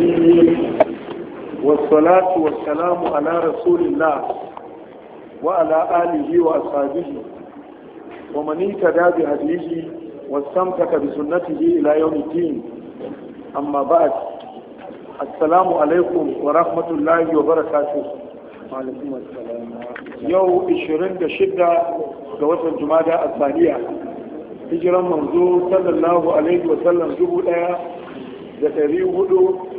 الرجيم والصلاة والسلام على رسول الله وعلى آله وأصحابه ومن اهتدى بهديه واستمسك بسنته إلى يوم الدين أما بعد السلام عليكم ورحمة الله وبركاته وعليكم السلام يوم 26 ga watan Jumada a Saniya hijiran manzo sallallahu alaihi wa sallam dubu daya da ɗari hudu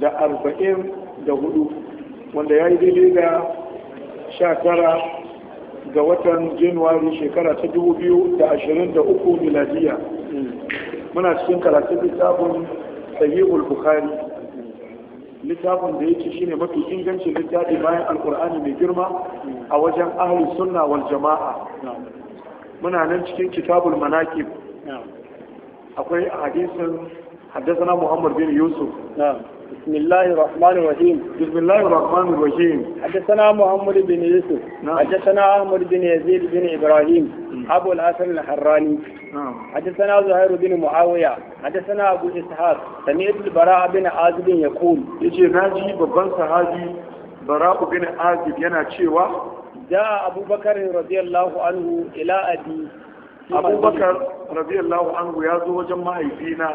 da arba'in da hudu wanda ya yi daidai da sha tara ga watan januwari shekara ta dubu biyu da ashirin da uku miladiya muna cikin karatun littafin sahihul bukhari littafin da yake shine mafi ingancin littafi bayan alkur'ani mai girma a wajen ahli sunna wal jama'a muna nan cikin kitabul manaqib akwai hadisin حدثنا محمد بن يوسف نعم بسم الله الرحمن الرحيم بسم الله الرحمن الرحيم حدثنا محمد بن يوسف نعم. حدثنا احمد بن يزيد بن ابراهيم ابو الحسن الحراني نعم. حدثنا زهير بن معاويه حدثنا ابو اسحاق سمعت البراء بن عازب يقول يجي ناجي ببن صحابي براء بن عازب yana cewa جاء ابو بكر رضي الله عنه الى ابي abubakar radiyallahu anhu ya zo wajen mahaifina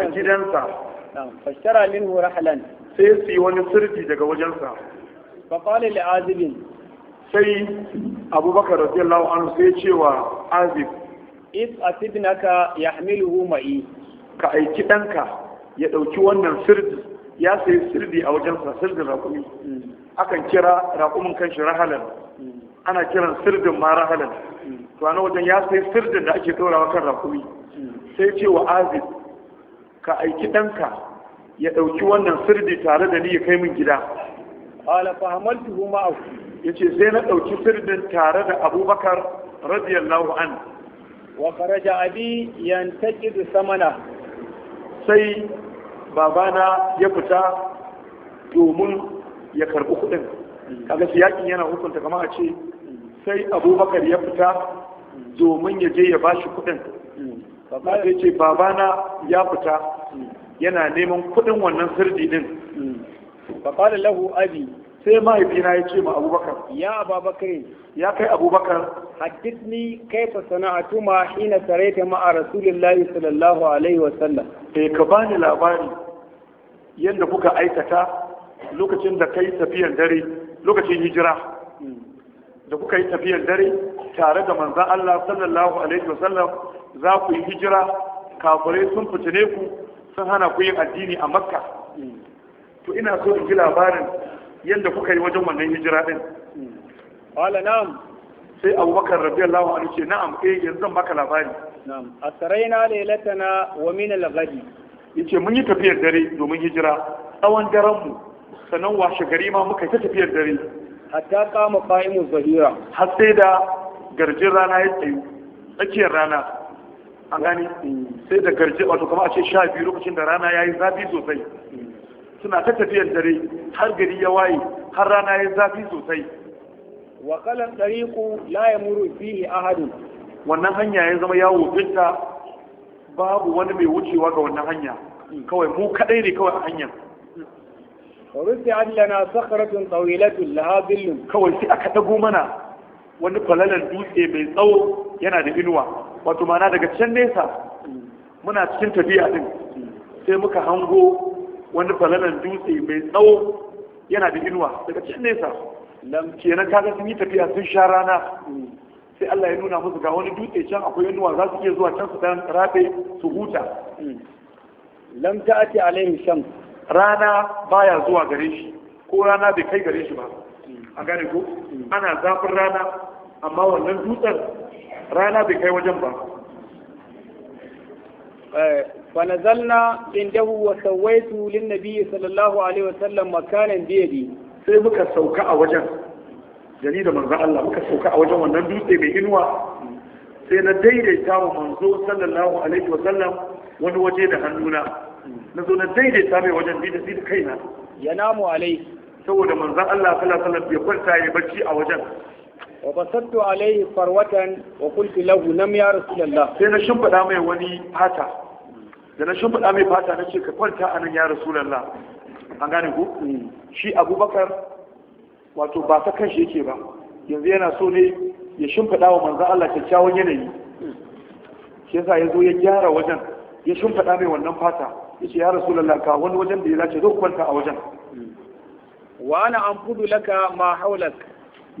a gidansa fashtara minhu rahlan sai su yi wani sirfi daga wajensa fa qala li azibin. sai abubakar radiyallahu anhu sai cewa azib if asibnaka yahmiluhu ma'i ka aiki danka ya dauki wannan sirdi ya sayi sirdi a wajensa sirdin rakumi mm. akan kira rakumin kanshi rahalan mm. ana kiran sirdin ma rahalan mm. to a wajen ya sayi sirdin da ake dorawa kan rakumi sai cewa wa azib ka aiki ɗanka ya ɗauki wannan sirdi tare da ni ya kai min gida ala fahimtu huma au ya sai na ɗauki sirdin tare da abubakar radiyallahu an wa kharaja abi yantaqidu samana sai babana ya fita domin ya karɓi kuɗin kaga yakin yana hukunta kamar a ce sai abubakar ya fita domin ya je ya bashi kuɗin ya ce babana ya fita yana neman kudin wannan sirdi din mm. faƙali lahu abi sai mahaifina ya ce ma abubakar ya ababakar ya kai abubakar kai kaifa sana'atu ma hina saraita ma'a rasulullahi sallallahu alaihi wa sallam eh ka bani labari yadda kuka aikata lokacin da kai tafiyar dare lokacin hijira mm. da kuka yi tafiyar dare tare da manzan Allah sallallahu alaihi wa sallam za ku yi hijira kafirai sun fitine ku sun hana ku yin addini a makka to ina so in ji labarin yadda kuka yi wajen wannan hijira din wala na'am sai abubakar allah wa ce na'am eh yanzu zan baka labari na'am asraina lailatana wa min al-ghadi yace mun yi tafiyar dare domin hijira tsawon daren mu sanan washe gari ma muka yi tafiyar dare hatta kama qa'imu zahira har sai da garjin rana ya tsayu tsakiyar rana an gani sai da garje wato kama a ce sha biyu lokacin da rana ya yi zafi sosai suna ta tafiyar dare har gari ya waye har rana ya yi zafi sosai wa kalan tariqu la yamuru fihi ahadun wannan hanya ya zama yawo dinta babu wani mai wucewa ga wannan hanya kawai mu kadai ne kawai a hanyar ورفعت لنا صخرة طويلة Kawai aka mana. wani kwalalar dutse mai tsawo yana da inuwa wato mana daga can nesa muna cikin tafiya din sai muka hango wani falalan dutse mai tsawo yana da inuwa daga can nesa kenan kaga sun yi tafiya sun sha rana sai Allah ya nuna musu ga wani dutse can akwai inuwa za su iya zuwa can su dan rafe su huta lam ta'ati alaihi sham rana baya zuwa gare shi ko rana bai kai gare shi ba a gane ko ana zafin rana amma wannan dutsen rana bai kai wajen ba eh, fanazalna indahu wa sawaitu lin nabi sallallahu alaihi wa sallam makanan biyadi sai muka sauka a wajen jani da manzo Allah muka sauka a wajen wannan dutse mai inuwa sai na daidaita wa manzo sallallahu alaihi wa sallam wani waje da hannuna na zo na daidaita mai wajen bi da kaina ya namu alai saboda manzon Allah sallallahu alaihi wa sallam ya kwanta ya barci a wajen وبسطت عليه فروة وقلت له نم يا رسول الله سينا شنفدا مي وني فاتا سينا شنفدا مي فاتا نشي كفرتا أنا يا رسول الله an gane ku mm. shi abubakar wato ba ta kanshi yake ba yanzu yana so ne ya shimfiɗa wa manzan Allah kyakkyawan yanayi shi yasa ya zo ya gyara wajen ya shimfiɗa mai wannan fata ya ce ya rasulallah ka wani wajen da ya dace zo kwanta a wajen mm. wa ana an laka ma haulak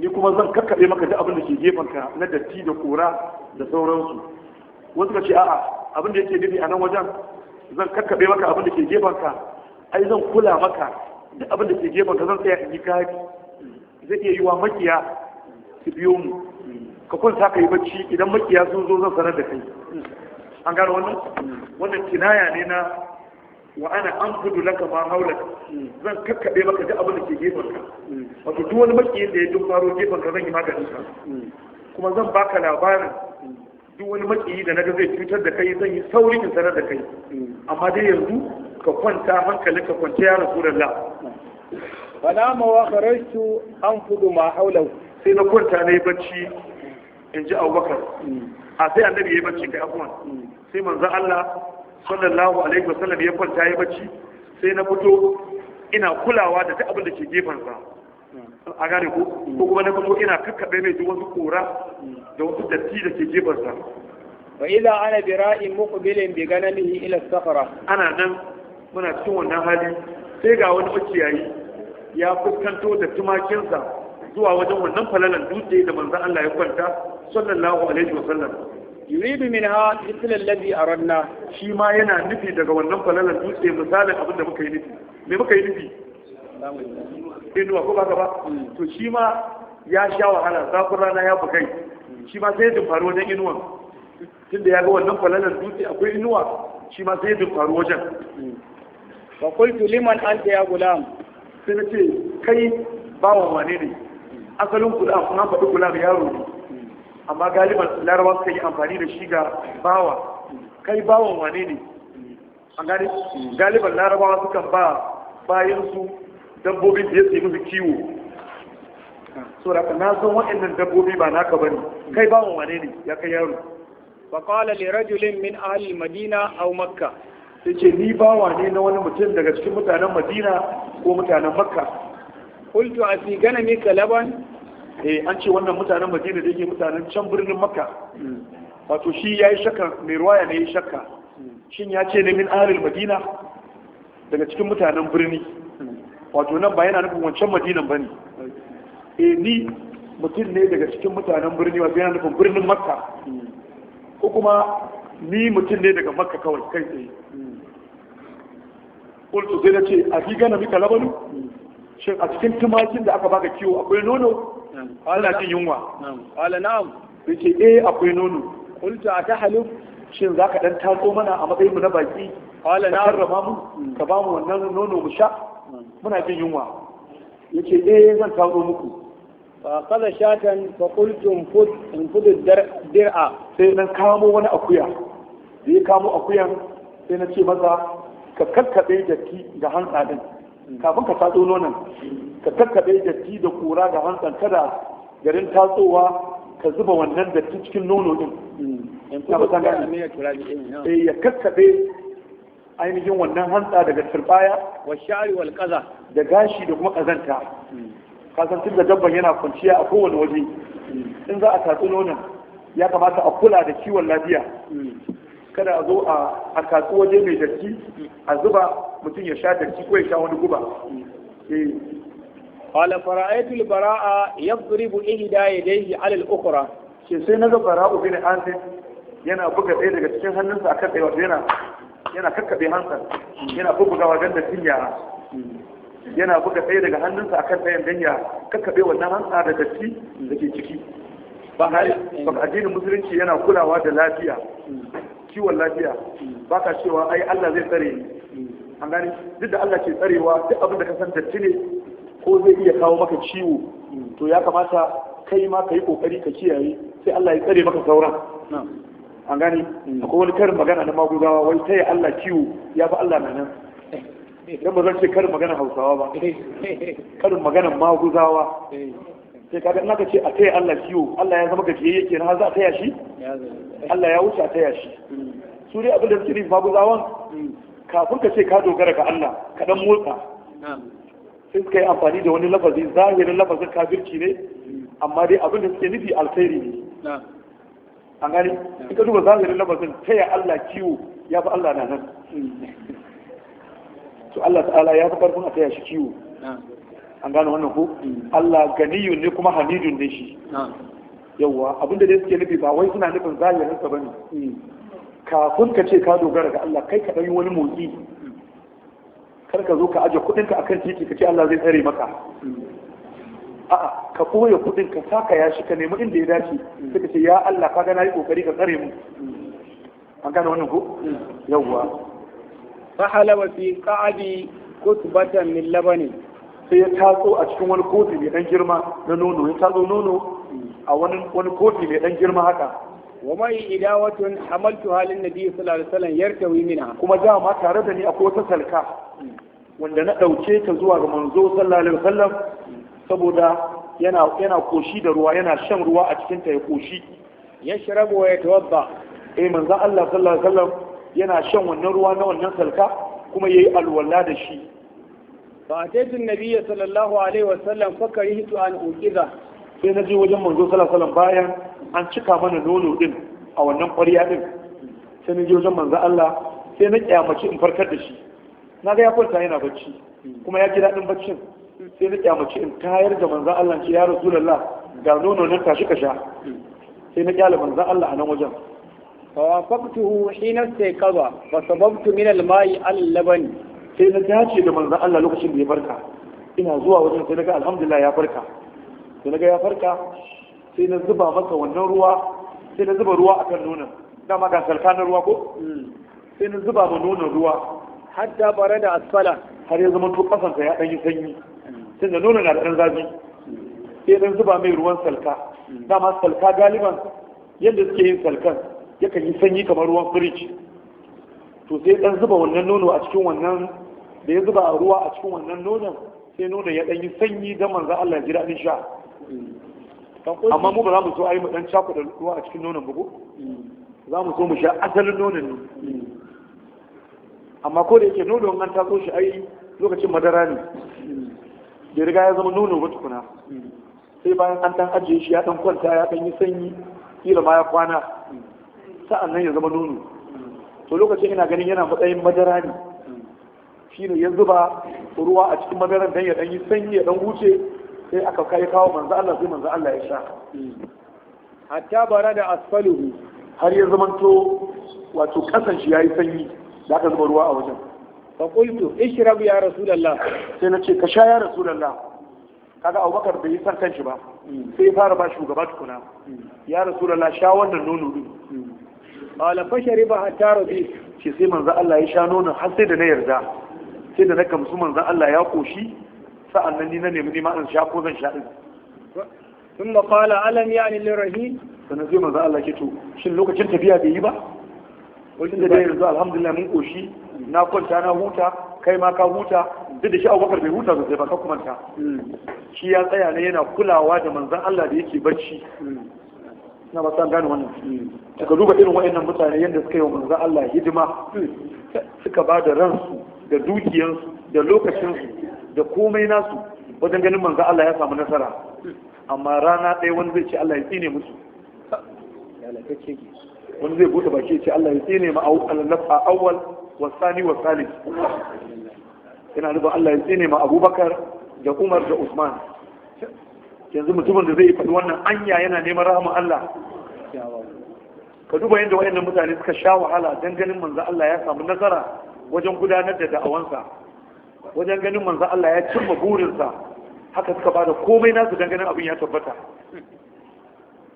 ni kuma zan kakkaɓe maka duk abin da ke gefenka na datti da kura da sauransu wasu ka ce a'a abin da yake nufi a nan wajen zan kakkaɓe maka abin da ke gefenka ai zan kula maka duk abin da ke gefenka zan tsaya in yi kari zai iya yi wa makiya su biyo mu ka kwanta ka yi bacci idan makiya sun zo zan sanar da kai an gano wannan wannan kinaya ne na wa ana an kudu laka ma haula zan kakkaɓe maka duk abin da ke gefen ka wato duk wani makiyin da ya duk faro gefen ka zan yi maganin ka kuma zan baka labarin duk wani makiyi da naga zai cutar da kai zan yi sauri in sanar da kai amma dai yanzu ka kwanta hankali ka kwanta ya rasulullah bana ma wa kharajtu an fudu ma haula sai na kwanta ne bacci in ji abubakar mm. a sai annabi ya yi bacci kai abuwan mm. sai manzo Allah sallallahu alaihi wasallam ya kwanta ya bacci sai na fito ina kulawa da duk abin da ke sa a gane ko ko kuma na fito ina kakkabe mai duk wasu kora da wasu datti da ke sa wa idza ana bi ra'in muqbilin bi ganamihi ila safara ana nan muna cikin wannan hali sai ga wani makiyayi ya fuskanto da tumakinsa zuwa wajen wannan falalan dutse da manzo Allah ya kwanta sallallahu alaihi wasallam yuridu minha mithla alladhi aradna shi ma yana nufi daga wannan falalan dutse misalin abin da muka yi nufi me muka yi nufi inuwa ko baka ba to shi ma ya sha wahala zafin rana ya bugai. shi ma sai ya dumfari wajen inuwan tunda ya ga wannan falalan dutse akwai inuwa shi ma sai ya dumfari wajen wa qultu liman anta ya gulam sai ce kai bawan wane ne asalin gulam kuma faɗi gulam yaro ne amma galiban larabar suka yi amfani da shi ga bawa kai bawan wane ne a gani galiban larabawa sukan ba bayan su dabbobin da ya sai musu kiwo so da na san waɗannan dabbobi ba naka ne. kai bawan wane ne ya kai yaro ba qala li rajulin min ahli madina au makka ce ni bawa ne na wani mutum daga cikin mutanen madina ko mutanen makka Kultu a fi mika laban eh an ce wannan mutanen madina da yake mutanen can birnin makka wato shi ya yi shakka mai ruwaya ne ya yi shakka shin ya ce ne min ahalil madina daga cikin mutanen birni wato nan ba yana nufin wancan madinan ba ne e eh, ni mutum ne daga cikin mutanen birni wato yana nufin birnin makka ko kuma ni mutum ne daga makka kawai kai tsaye kultu sai na ce a fi gana mika labalu shin a cikin tumakin da aka baka kiwo akwai nono Allah cin yunwa qala na'am yace eh akwai nono ta atahaluf shin zaka dan taso mana a matsayin mu na baki qala na rama mu mm. ka ba mu wannan nono mu sha muna jin yunwa Yake eh zan taso muku fa qala shatan fa qultu in infud dir'a sai nan kamo wani akuya Zai kamo akuyan sai na ce maza ka karkaɗe da ki da hantsa din kafin ka tatso nonon ka kakkaɓe datti da kura ga hantsan kada garin tatsowa ka zuba wannan datti cikin nono din mm. eh, ya kakkaɓe ainihin wannan hantsa daga turbaya wa shari wal kaza da gashi da kuma kazanta mm. kasan da dabban yana kwanciya a kowane waje mm. in za a tatsi nonon ya kamata a kula da kiwon lafiya kada a zo a kasu waje mai datti a zuba mutum ya sha datti ko ya sha wani guba قال eh. baraa yadribu ihda yadayhi 'ala al-ukhra shi sai na ga bara'u bin azib yana buga ɗaya daga cikin hannunsa a kan ɗaya yana yana kakkaɓe hansa yana buga don da tinya yara yana buga ɗaya daga hannunsa a kan ɗayan don ya kakkaɓe wannan hansa da datti da ke ciki ba addinin musulunci yana kulawa da lafiya kiwon lafiya ba ka cewa ai Allah zai tsare ni an gani duk da Allah ke tsarewa duk abin da ka san datti ne ko zai iya kawo maka ciwo to ya kamata kai ma ka yi kokari ka kiyaye sai Allah ya tsare maka sauran an gani mm. akwai wani karin magana na maguzawa wai sai Allah ciwo ya fi Allah nan eh. idan ba zan ce karin magana Hausawa ba karin magana maguzawa eh. sai kaga naka ce a taya Allah kiwo Allah ya zama gajiyayya yake na za a taya shi Allah ya wuce a taya shi su dai abin da suke nufi babu zawon kafin ka ce ka dogara ga Allah ka dan motsa sai suka yi amfani da wani lafazi zahirin lafazin kafirci ne amma dai abin da suke nufi alkhairi ne an gani in ka duba zahirin lafazin taya Allah kiwo ya fi Allah na nan hmm. to Allah ta'ala ya fi karfin a taya shi kiwo an gano wannan ko mm. Allah ganiyun ne kuma hamidun ne shi yawwa abinda dai suke nufi ba wai suna nufin zahirin sa bane mm. kafin ka ce ka dogara ga Allah kai ka dan wani motsi kar ka zo ka aje kudin ka akan titi ka ce Allah zai tsare maka mm. a'a ka koya kudin ka saka ya shi ka nemi inda ya dace sai ka ce ya Allah ka ga nayi kokari ka tsare mu an gano wannan ko yawwa fa halawa fi qa'di kutbatan min labani sai ya taso a cikin wani kofi mai dan girma na nono ya taso nono a wani kofi mai dan girma haka wa mai idawatun hamaltu halin nabi sallallahu alaihi wasallam yartawi mina kuma ma tare da ni akwai wata salka wanda na dauke ta zuwa ga manzo sallallahu alaihi wasallam saboda yana yana koshi da ruwa yana shan ruwa a cikin ta ya koshi ya sharabu wa ya tawadda eh manzo Allah sallallahu alaihi wasallam yana shan wannan ruwa na wannan salka kuma yayi alwala da shi Ba فأتيت النبي صلى الله عليه وسلم فكرهت أن أوكذا sai na je wajen manzo sallallahu alaihi bayan an cika mana nono din a wannan ƙwarya din sai na je wajen manzo Allah sai na kyamaci in farkar da shi na ga ya kwanta yana bacci kuma ya ji daɗin baccin sai na kyamaci in tayar da manzo Allah ce ya rasulullah ga nono nan tashi ka sha sai na kyale manzo Allah a nan wajen fa wafaqtuhu hina sai kaza fa sababtu min al-ma'i al-labani sai na dace da manzan Allah lokacin da ya farka ina zuwa wajen sai na ga alhamdulillah ya farka sai na ga ya farka sai na zuba masa wannan ruwa sai na zuba ruwa akan nonon dama ga salka na ruwa ko mm. sai na zuba ma nonon ruwa hatta bare da asfala har ya zama to sa ya yi sanyi mm. tunda nonon na da ɗan zafi mm. sai na zuba mai ruwan salka dama salka galiban yadda suke yin salkan yakan yi sanyi kamar ruwan firij to sai ɗan zuba wannan nono a cikin wannan da ya zuba ruwa a cikin wannan nonon sai nonon ya ɗanyi sanyi don manzan Allah ya ji daɗin sha amma mu ba za mu so a yi mu ɗan da ruwa a cikin nonon bugu za mu so mu sha asalin nonon ne amma ko da yake nonon an taso shi ai lokacin madara ne bai riga ya zama nono ba tukuna sai bayan an ɗan ajiye shi ya ɗan kwanta ya ɗan yi sanyi kila ma ya kwana sa'an nan ya zama nono to lokacin ina ganin yana matsayin madara ne shine ya zuba ruwa a cikin madaran dan ya dan yi sanyi ya dan huce sai aka kai kawo manzo Allah sai manzo Allah ya sha hatta barada da asfaluhu har ya zamanto wato kasan shi yayi sanyi da aka zuba ruwa a wajen fa qultu ishrab ya rasulullah sai na ce ka sha ya rasulullah kaga Abubakar bai san kanshi ba sai ya fara ba shugaba tukuna ya rasulullah sha wannan nono din qala fa shariba hatta rabi shi sai manzo Allah ya sha nonon har sai da na yarda sai da na kamsu manzan Allah ya koshi sa'an nan ni na nemi nema in sha ko zan sha din sun maƙala alam ya ni lirahi sannan zai manzan Allah ke to shin lokacin tafiya bai yi ba wajen da dai yanzu alhamdulillah mun koshi na kwanta na huta kai ma ka huta duk da shi abubakar bai huta sosai ba ka kumanta hmm. shi ya tsaya ne yana kulawa da manzan Allah da yake barci hmm. na ba san gane wannan daga hmm. duba irin wa'annan mutane yadda suka yi wa manzan Allah hidima suka ba da ransu da dukiyansu da lokacinsu da komai nasu wajen ganin manzo Allah ya samu nasara amma rana ɗaya wani zai ce Allah ya tsine musu wani zai bude baki ya ce Allah ya tsine ma a awwal wasani wasali yana nufin Allah ya tsine ma Abubakar da Umar da Usman yanzu mutumin da zai yi faɗi wannan anya yana neman rahama Allah ka duba yadda waɗannan mutane suka sha wahala don ganin manzo Allah ya samu nasara wajen gudanar da da'awansa wajen ganin manzo Allah ya cimma burinsa haka suka bada komai nasu dan ganin abin ya tabbata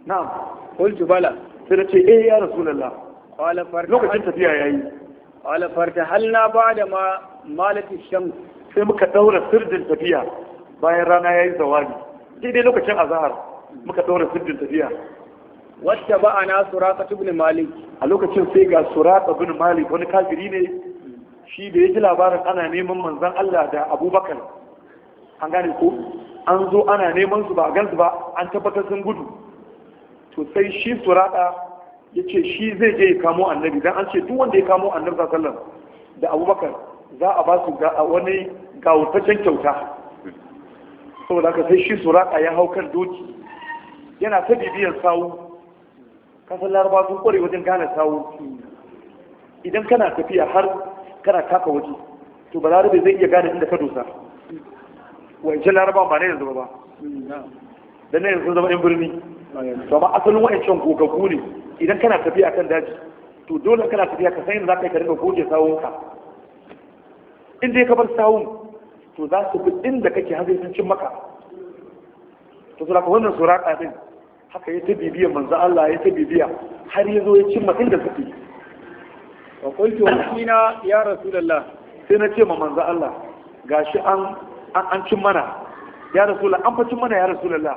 na'am qul jubala sai da ce eh ya rasulullah qala farta lokacin tafiya yayi qala farta halna ba'da ma malati shams sai muka daura sirdin tafiya bayan rana yayi zawali daidai lokacin azhar muka daura sirdin tafiya wacce ba ana suraka ibn malik a lokacin sai ga suraka ibn malik wani kafiri ne shi da ya ji labarin ana neman manzan Allah da abubakar an gane ko an zo ana neman su ba gan su ba an tabbatar sun gudu to sai shi surata ya ce shi zai je ya kamo annabi dan an ce duk wanda ya kamo annabi sallallahu da abubakar za a ba su ga wani gawurtaccen kyauta saboda haka sai shi surata ya hau kan doki yana ta bibiyar sawu kasan laraba sun kware wajen gane sawu idan kana tafiya har kana taka waje to ba larabe zai iya gane inda ka dosa wancan laraba ba na yanzu ba dan ne yanzu zama yan birni to ba asalin wancan gogaggu ne idan kana tafiya kan daji to dole kana tafiya ka san za ka yi ka dinga goge sawunka in dai ka bar sawun to za su bi inda kake har sun cin maka to saboda wannan suraka din haka ya ta bibiya manzo Allah ya ta bibiya har ya zo ya cimma inda suke fa qultu wakina ya rasulullah sai na ce ma manzo Allah gashi an an cin mana ya rasulullah an fa cin mana ya rasulullah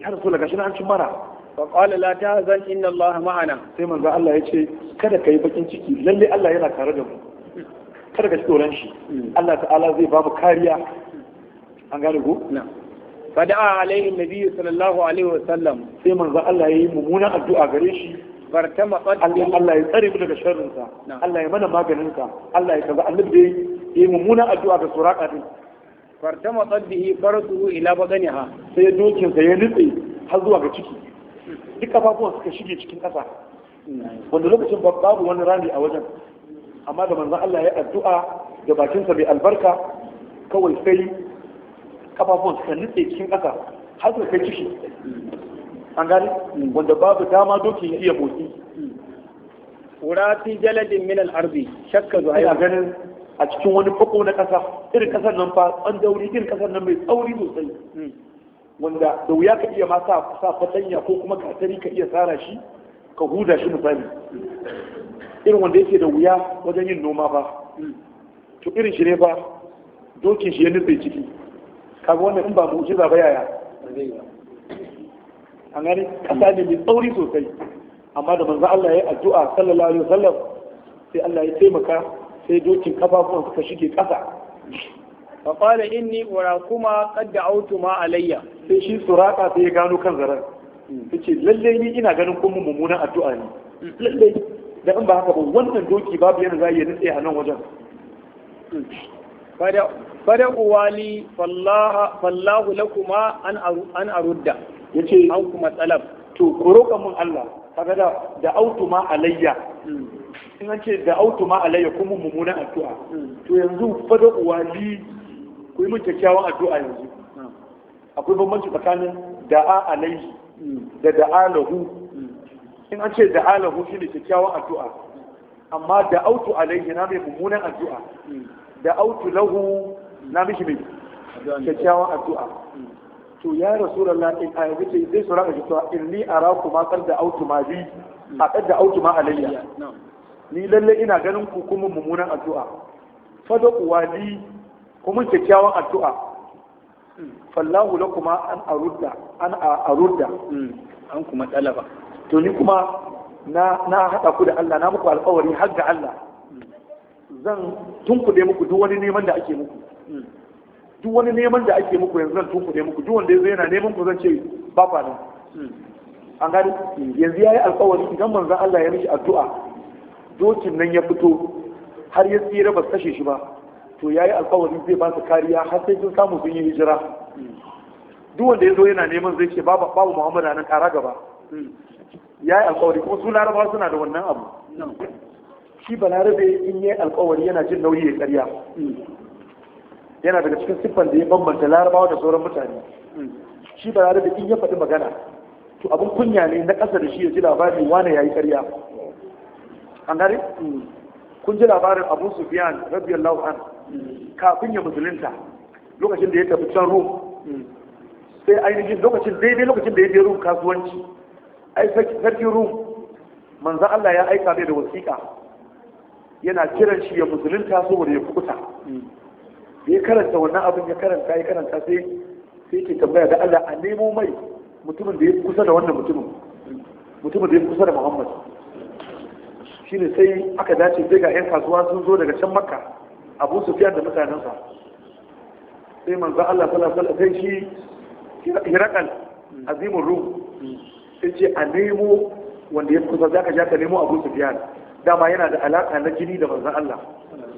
ya rasulullah gashi an cin mana fa qala la tahzan inna Allah ma'ana sai manzo Allah ya ce kada kai bakin ciki lalle Allah yana tare da mu kada ka tsoron shi Allah ta'ala zai ba mu kariya an gane ko fada'a alaihi nabiyyu sallallahu alaihi wasallam sai manzo Allah ya yi mummunan addu'a gare shi fartama Allah Allah ya tsare mu daga sharrin Allah ya mana maganin ka Allah ya kaza annabi dai yi mummunan addu'a ga suraka din fartama qaddihi farduhu ila badaniha sai dokin sa ya nutse har zuwa ga ciki duk kafafuwan suka shige cikin ƙasa, wanda lokacin babu wani rami a wajen amma da manzon Allah ya addu'a da bakinsa sa bai albarka kawai sai kafafuwan suka nutse cikin ƙasa, har suka kai ciki an gani wanda babu dama dokin ya iya motsi wurati jaladin min al-ardi shakka zuwa ina ganin a cikin wani fako na kasa irin kasar nan fa an dauri irin kasar nan mai tsauri sosai hmm. wanda da wuya ka iya ma sa sa fatanya ko kuma katari ka iya tsara shi ka huda shi misali irin wanda yake da wuya wajen yin noma ba hmm. to irin shi ne ba dokin shi ya nutse ciki kaga wannan in ba shi ba yaya an kasa ne mai tsauri sosai amma da manzo Allah ya yi addu'a sallallahu alaihi wasallam sai Allah ya taimaka sai dokin kafafuwan suka shige kasa fa qala inni urakuma qad da'awtuma alayya sai shi suraka sai ya gano kan zaran yace lalle ni ina ganin kun mummunan addu'a ne lalle da in ba haka ba wannan doki babu yana za ya nutse a nan wajen fada uwali fallahu lakuma an arudda yace an kuma talab to ku roƙa mun Allah kaga da da autu ma alayya in an ce da autu ma alayya kuma mummunan addu'a to yanzu fada uwali ku yi mun kyakkyawan addu'a yanzu akwai bambanci tsakanin da'a alayhi da da'a lahu in an ce da'a lahu shine kyakkyawan addu'a amma da autu alayhi na mai mummunan addu'a da autu lahu na mishi mai kyakkyawan addu'a to ya rasulullah in a ce zai su raka cewa ni araku ma qad da autu ma bi a qad da autu ma alayya ni lalle ina ganin ku kuma mummunan addu'a fada wali kuma kyakkyawan addu'a fallahu kuma an arudda an arudda hmm, an kuma talaba to ni kuma na na hada ku da Allah na muku alƙawari har ga Allah hmm. zan tunkuɗe muku duk wani neman da ake muku hmm. duk wani neman da ake muku yanzu zan tunkuɗe muku duk wanda ya yana neman ku zan ce ba fa nan an gani yanzu ya yi alkawari idan manzan Allah ya mishi addu'a dokin nan ya fito har ya tsira ba kashe shi ba to ya yi alkawari zai ba su kariya har sai sun samu sun yi hijira duk wanda ya zo yana neman zai ce babu babu Muhammad nan kara gaba ya yi alkawari kuma su larabawa suna da wannan abu shi balarabe in yi alkawari yana jin nauyi ya karya yana daga cikin siffan da ya bambanta larabawa da sauran mutane shi ba da in ya faɗi magana to abin kunya ne na ƙasa da shi ya ji labarin wane ya yi ƙarya an gari kun ji labarin abu sufiyan rabiyar an kafin ya musulunta lokacin da ya tafi can rum sai ainihin lokacin daidai lokacin da ya je rum kasuwanci ai sarki rum manzan Allah ya aika mai da wasiƙa yana kiran shi ya musulunta saboda ya kuta. ya karanta wannan abin ya karanta ya karanta sai sai ke tambaya da Allah a nemo mai mutumin da ya kusa da wannan mutumin mutumin da ya kusa da Muhammad shine sai aka dace sai ga yan kasuwa sun zo daga can Makka Abu Sufyan da mutanensa sai manzo Allah sallallahu alaihi wasallam sai shi Hirakal azimur ruh sai ce a nemo wanda ya kusa zaka ja ka nemo Abu Sufyan dama yana da alaka na jini da manzo Allah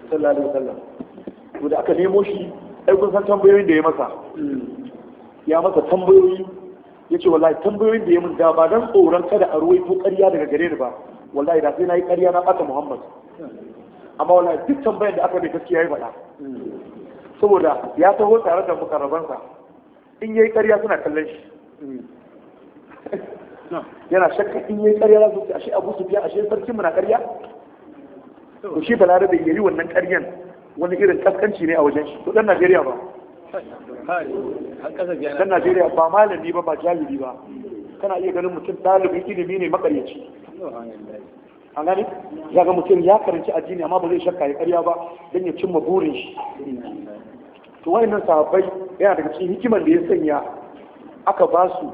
sallallahu alaihi wasallam to da aka nemo shi ai kun san tambayoyin da ya masa ya masa tambayoyi ya ce wallahi tambayoyin da ya mun da ba dan tsoron kada a ruwaito ƙarya daga gare ni ba wallahi da sai na yi ƙarya na ɓata muhammad amma wallahi duk tambayar da aka mai gaskiya ya faɗa saboda ya taho tare da mukarrabansa in yayi ƙarya suna kallon shi yana shakka in yayi ƙarya za su ce ashe abu su biya ashe sarkin mu na ƙarya to shi balarabe yayi wannan ƙaryan wani irin kaskanci ne a wajen shi to Najeriya ba dan Najeriya ba malami ba ba jalibi ba kana iya ganin mutum ɗalibin ilimi ne makaryaci A gani ya ga mutum ya karanci addini amma ba zai shakka ya karya ba don ya cimma burin shi to wayannan sahabbai yana daga cikin hikimar da ya sanya aka ba su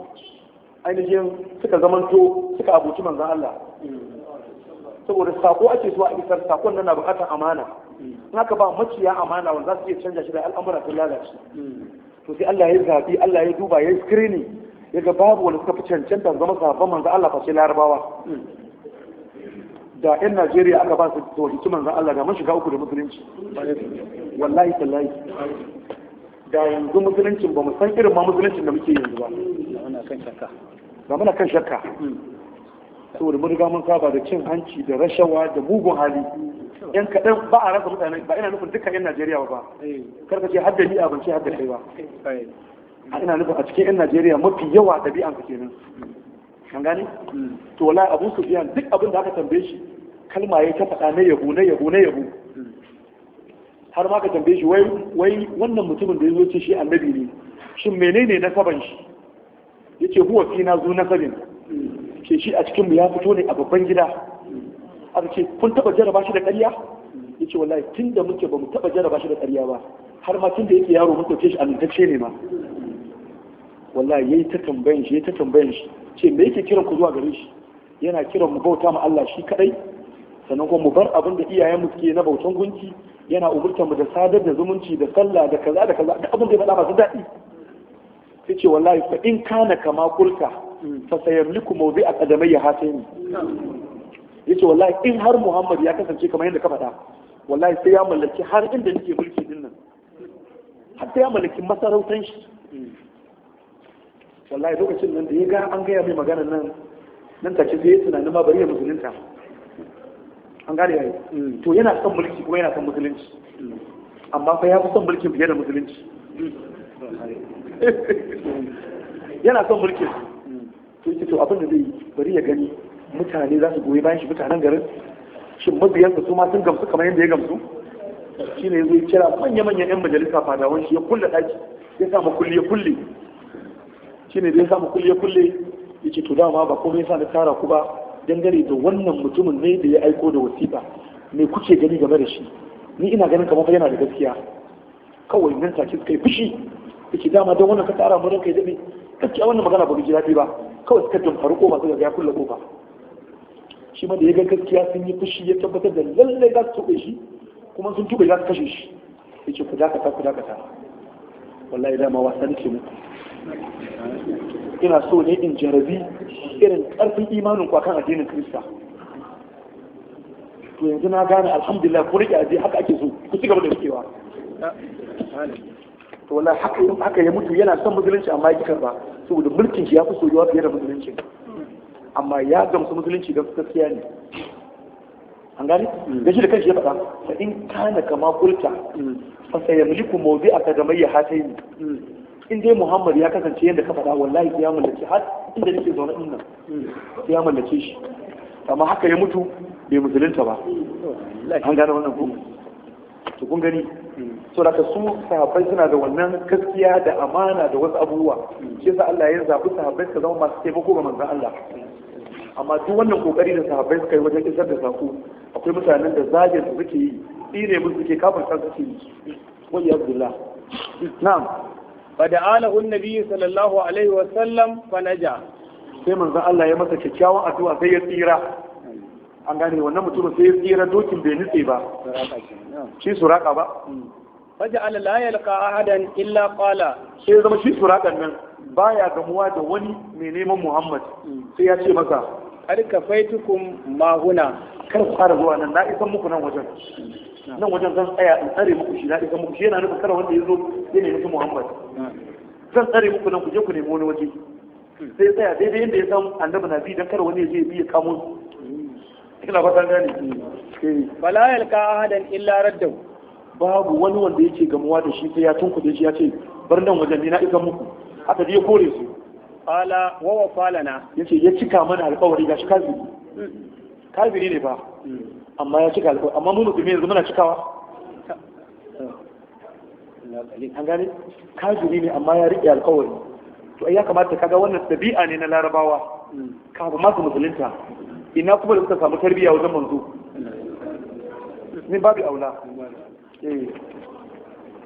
ainihin suka zamanto suka abuci manzan Allah mm. saboda sako ake zuwa a isar sakon nan na bukatar amana in haka ba maciya amana wanda za su iya canja shi da al'amura sun lalace to sai Allah ya zabi Allah ya duba ya screening ya ga babu wanda suka fi cancanta zama sahabban manzo Allah face larabawa da yan Najeriya aka ba su to hikima manzo Allah da mun shiga uku da musulunci wallahi tallahi da yanzu musuluncin ba mu san irin ma musuluncin da muke yanzu ba muna kan shakka ba muna kan shakka mun riga mun saba da cin hanci da rashawa da mugun hali yan kaɗan ba a rasa mutane ba ina nufin dukkan yan Najeriya ba karka ce hadda ni abin ce hadda kai ba ina nufin a cikin yan Najeriya mafi yawa ɗabi'an ka kenan kan gani? to wallahi Abu Sufyan duk abin da aka tambaye shi kalma ya ta faɗa na yabo na yabo na yabo har ma ka tambaye shi wai wai wannan mutumin da yazo ce shi annabi ne shin menene nasaban shi yace huwa fi na zu nasabin ke shi a cikin mu ya fito ne a babban gida aka ce kun taba jarraba shi da ƙarya ya ce wallahi tun da muke ba mu taba jaraba shi da ƙarya ba har ma tun da yake yaro mun ɗauke shi amintacce ne ma wallahi yayi ta tambayan shi yayi ta tambayan shi ce me yake kiran ku zuwa gare shi yana kiran mu bauta ma Allah shi kadai sannan kuma mu bar abin da iyayenmu suke na bautan gunki yana umurtar mu da sadar da zumunci da sallah da kaza da kaza da abin da ya faɗa masu daɗi sai ce wallahi fa in kana kama kulka fa sayamliku mawdi'a qadamayya ni. yace wallahi in har Muhammad ya kasance kamar yadda ka faɗa wallahi sai ya mallaki har inda nake mulki din nan har sai ya mallaki masarautan shi wallahi lokacin nan da ya ga an gaya mai magana nan nan take sai ya tunani ma bari ya musulunta an gane yayi mm. to yana son mulki kuma yana son musulunci amma fa ya fi son mulki fiye da musulunci yana son mulki mm. to to abin da zai bari ya gani mutane za su goyi bayan shi mutanen garin shin mabiyansa su ma sun gamsu kamar yadda ya gamsu shi ne zai kira manya-manyan 'yan majalisa fadawan shi ya kulle ɗaki ya sa kulle, ya kulle shi ne zai sa kulle, ya kulle ya ce to dama ba komai sa na tara ku ba dangane da wannan mutumin ne da ya aiko da wasiƙa me kuke gani game da shi ni ina ganin kamar yana da gaskiya kawai nan take kai yi fushi yake dama don wannan ka tara mu ranka ya daɗe kace wannan magana ba ji lafi ba kawai suka jin farko ba suka ga ya kulle kofa shi ma da ya ga gaskiya sun yi fushi ya tabbatar da lalle za su tuɓe shi kuma sun tuɓe za su kashe shi ya ce ku dakata ku dakata wallahi dama wasa nake muku ina so ne in jarabi irin ƙarfin imanin ku akan addinin kirista to yanzu na gane alhamdulillah ku rike aje haka ake so ku ci gaba da rikewa to wallahi haka ya mutu yana son musulunci amma ya ki karba saboda mulkin shi ya fi soyuwa fiye da musulunci amma ya gamsu musulunci ga gaskiya ne an gani mm. da shi da kanshi ya faɗa fa in kana kama kulta mm. fa sayamliku mawdi'a kadamayya hataini mm. in dai Muhammad ya kasance yadda ka faɗa wallahi ya mallaki har inda nake zaune din nan ya mallake shi amma haka ya mutu bai musulunta ba an gane wannan kuma to kun gani so da su sahabbai suna da wannan gaskiya da amana da wasu abubuwa shi yasa Allah ya zabi sahabbai suka zama masu taimako ga manzon Allah amma duk wannan kokari da sahabbai suka yi wajen isar da sako akwai mutanen da zagin su suke yi tsire musu suke kafin san suke yi wani ya zula na'am fada'alahu annabi sallallahu alaihi wa sallam fanaja sai manzon Allah ya masa kyakkyawan addu'a sai ya tsira an gane wannan mutumin sai ya tsira dokin bai nutse ba shi suraka ba faja'ala la yalqa ahadan illa qala sai ya zama shi surakan nan baya gamuwa da wani mai neman Muhammad sai ya ce masa kar faitukum ma huna kar ku fara zuwa nan na isan muku nan wajen nan wajen zan tsaya in tsare muku shi na isan muku shi yana nufin kar wanda ya zo ya mutum Muhammad zan tsare muku nan ku je ku nemi wani waje sai tsaya daidai yadda ya san annabi na bi dan kar wani ya je ya kamo ina fatan gani bala eh. yalka ahadan illa raddahu babu wani wanda yake gamuwa da shi sai ya tunkuɗe shi ya ce bar nan wajen ni na isa muku haka dai kore su Ala, wa wa falana yace ya cika mana alƙawari gashi Kazi mm. kafiri ne ba. Mm. amma ya cika alƙawari amma mu musulmi yanzu muna cikawa an gane kafiri ne amma ya riƙe alƙawari to ai ya kamata kaga wannan dabi'a ne na larabawa mm. kafin masu musulunta ina kuma da suka samu tarbiyya wajen manzo min babu aula eh.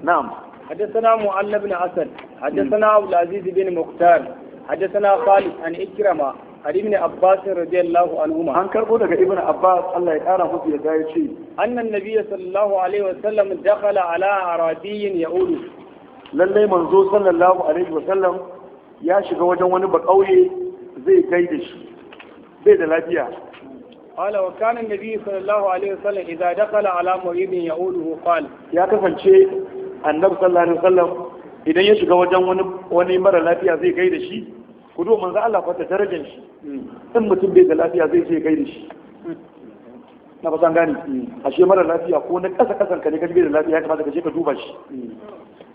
na'am حدثنا معل بن حسن حدثنا عبد العزيز بن مختار حدثنا خالد عن إكرمة عن ابن عباس رضي الله عنهما عن كربو daga ابن عباس الله يقرا musu ya ce أن النبي صلى الله عليه وسلم دخل على أعرابي يقول lalle manzo sallallahu alaihi wasallam ya shiga wajen wani bakauye zai kai da shi bai da lafiya qala wa kana nabi sallallahu alaihi wasallam idza dakala ala muridin yaquluhu qala ya kasance annabi sallallahu sallam idan ya shiga wajen wani mara lafiya zai gaida shi ku do manzo Allah kwata darajar shi hmm. in mutum bai da lafiya zai je gaida shi hmm. na ba san gani hmm. ashe mara lafiya ko na kasa kasan ka ne ka bai da lafiya ya kamata ka je ka duba shi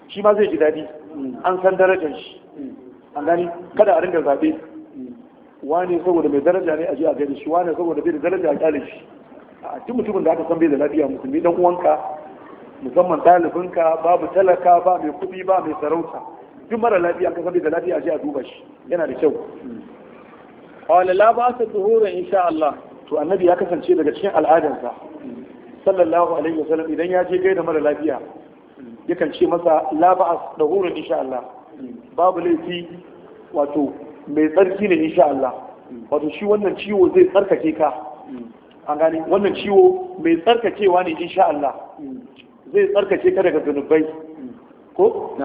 shi ma zai ji daɗi an san darajar shi an gani kada a ringa zaɓe. wani saboda mai daraja ne a ji a gani shi wani saboda bai da daraja a kyale shi a duk mutumin da aka san bai da lafiya musulmi dan uwanka musamman ɗalibinka babu talaka ba mai kuɗi ba mai sarauta duk mara lafiya ka san bai da lafiya a ji a duba shi yana da kyau wani labasa ba'sa in insha Allah to annabi ya kasance daga cikin al'adansa sallallahu alaihi wasallam idan ya je da mara lafiya yakan ce masa labas ba'as in insha Allah babu laifi wato mai tsarki ne insha Allah mm. wato shi wannan ciwo zai tsarkake ka mm. an gani. wannan ciwo mai tsarkakewa ne insha Allah mm. zai tsarkake ka daga zunubai ko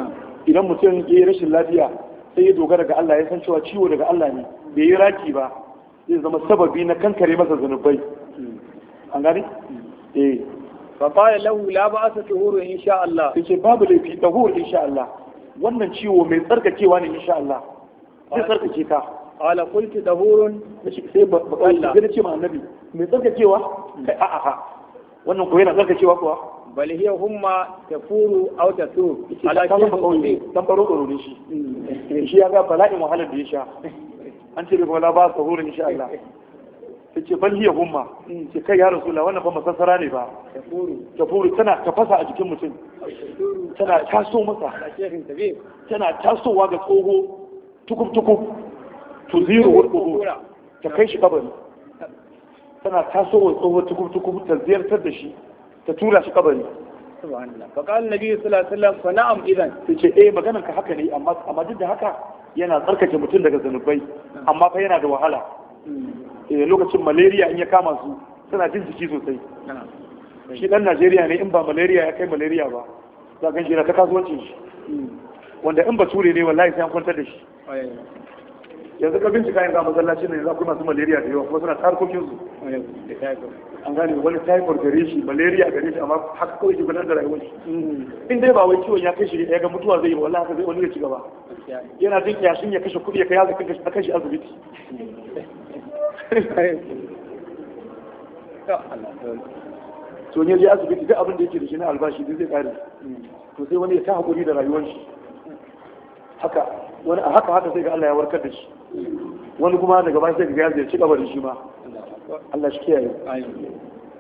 idan mutum ya yi rashin lafiya sai ya dogara ga Allah ya san cewa ciwo daga Allah ne bai yi raki ba zai zama sababi na kankare masa zunubai an gani. eh fa lahu la ba'sa tuhuru insha Allah yace babu laifi tahur insha Allah wannan ciwo mai tsarkakewa ne insha Allah zai tsarkake ka ala kulti dahurun sai ba ba ce ma annabi mai tsarkakewa kai a'a ha wannan ko yana tsarkakewa kuwa bal hiya humma tafuru aw tasur ala kan ba kauye dan baro baro ne shi shi ya ga bala'in wahalar da ya sha an ce wala ba tsahur insha Allah ta ce bal hiya humma ce kai ya rasula wannan ba masassara ne ba tafuru tana tafasa a jikin mutum tana taso masa tana tasowa ga tsoho tukuf tukub tuziru wa qubura ta kai shi kabari tana tasowa tsoho tukuf tukub ta ziyartar da shi ta tura shi kabari subhanallah fa qala nabi sallallahu alaihi wasallam fa na'am idan tace eh maganar ka haka ne amma amma duk da haka yana tsarkake mutum daga zanubai amma fa yana da wahala hmm. eh lokacin malaria in ya kama su suna jin jiki sosai shi dan Najeriya ne in ba malaria ya kai malaria ba za ka jira ta kasuwancin shi hmm. wanda in bature ne wallahi sai an kwantar da shi yanzu ka bincika yanzu a masallacin ne za ku masu malaria da yawa kuma suna tarkokin su an gane wani typhoid gare shi malaria gare shi amma haka kawai shi gudanar da rayuwar shi in dai ba wai ciwon ya kai shi ya ga mutuwa zai yi wallahi haka zai wani ya ci gaba yana jin kiyashin ya kashe kuɗi ya kai haka kashe shi asibiti to ne je asibiti duk abin da yake da shi na albashi duk zai kare to sai wani ya ta hakuri da rayuwar shi haka wani a haka haka sai ga Allah ya warkar da shi wani kuma daga baya sai ga ya ci gaba da shi ma Allah shi kiyaye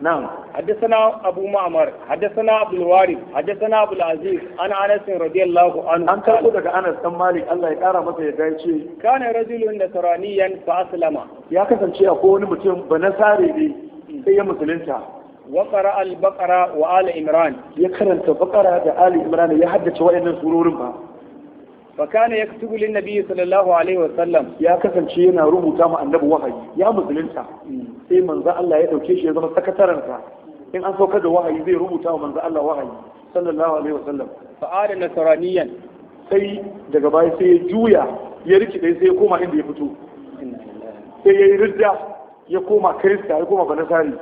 na'am haddathana abu mu'amar haddathana abu al-warid haddathana abu al-aziz an anas radiyallahu anhu an karbo daga anas dan malik Allah ya kara masa yadda ya ce kana rajulun da saraniyan fa aslama ya kasance a akwai wani mutum na ne sai ya musulunta وقرا البقره وال عمران يكرن البقره ده ya haddace waɗannan وين ba. fakana ya kutubu lin nabiyyi sallallahu alaihi wa sallam ya kasance yana rubuta ma annabi wahayi ya musulunta sai manzo Allah ya dauke shi ya zama sakataren sa in an saukar da wahayi zai rubuta wa manzo Allah wahayi sallallahu alaihi wa sallam fa ada nasraniyan sai daga baya sai ya juya ya rikide sai ya koma inda ya fito sai ya yi ridda ya koma kirista ya koma banasari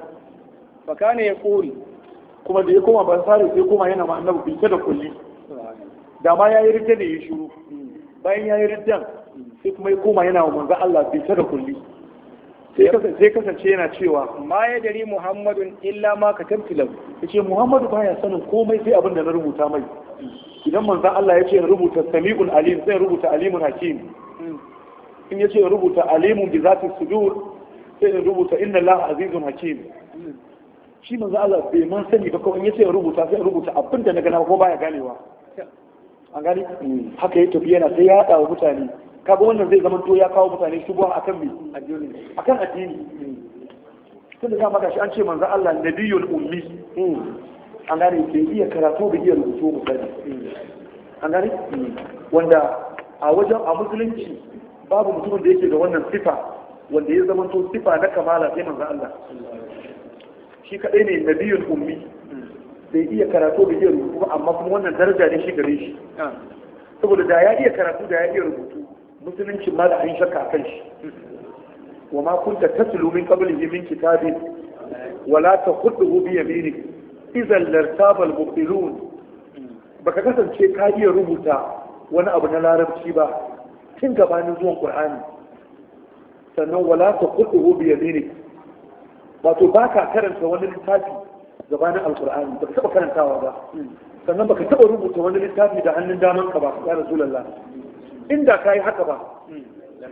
fakana ya kori kuma da ya koma banasari sai ya koma yana ma annabi bi da kulli da ma ya yi ridda ne ya shiru bayan ya yi riddan sai kuma ya koma yana wa manzan Allah bai ta da kulli sai kasance yana cewa ma ya dari muhammadun illa ma ka tamtilam ya ce muhammadu baya sanin komai sai abin da na rubuta mai idan manzan Allah ya ce rubuta sami'un alim zai rubuta alimun hakim in ya ce rubuta alimun bi zati sudur sai rubuta inna la azizun hakim shi manzan Allah bai man sani ba kawai in ya ce rubuta sai rubuta abin da na gana ko baya ganewa an gani mm. haka yi tafiya na sai ya haɗa wa mutane kaga wannan zai zama to ya kawo mutane shugaban akan me addini akan addini mm. tun da dama gashi an ce manzo Allah nabiyul ummi mm. an gani ke iya karatu da iya rubutu misali an gani wanda a wajen a musulunci babu mutumin da yake da wannan sifa wanda ya zama to sifa na kamala sai manzo Allah shi kadai ne nabiyul ummi bai iya karatu da iya rubutu ba amma kuma wannan daraja ne shi gare shi saboda da ya iya karatu da ya iya rubutu musulunci ma da an shakka kan shi wa ma kunta tatlu min qablihi min kitabin wala takhudhu bi yaminik idan lartaba al-mubtilun baka kasance ka iya rubuta wani abu na larabci ba tun gabanin zuwan qur'ani sannan wala takhudhu bi yaminik wato baka karanta wani littafi gabanin alkur'ani ka taɓa karantawa ba sannan baka taba rubuta wani littafi da hannun daman ka ba ya rasulullah inda kai haka ba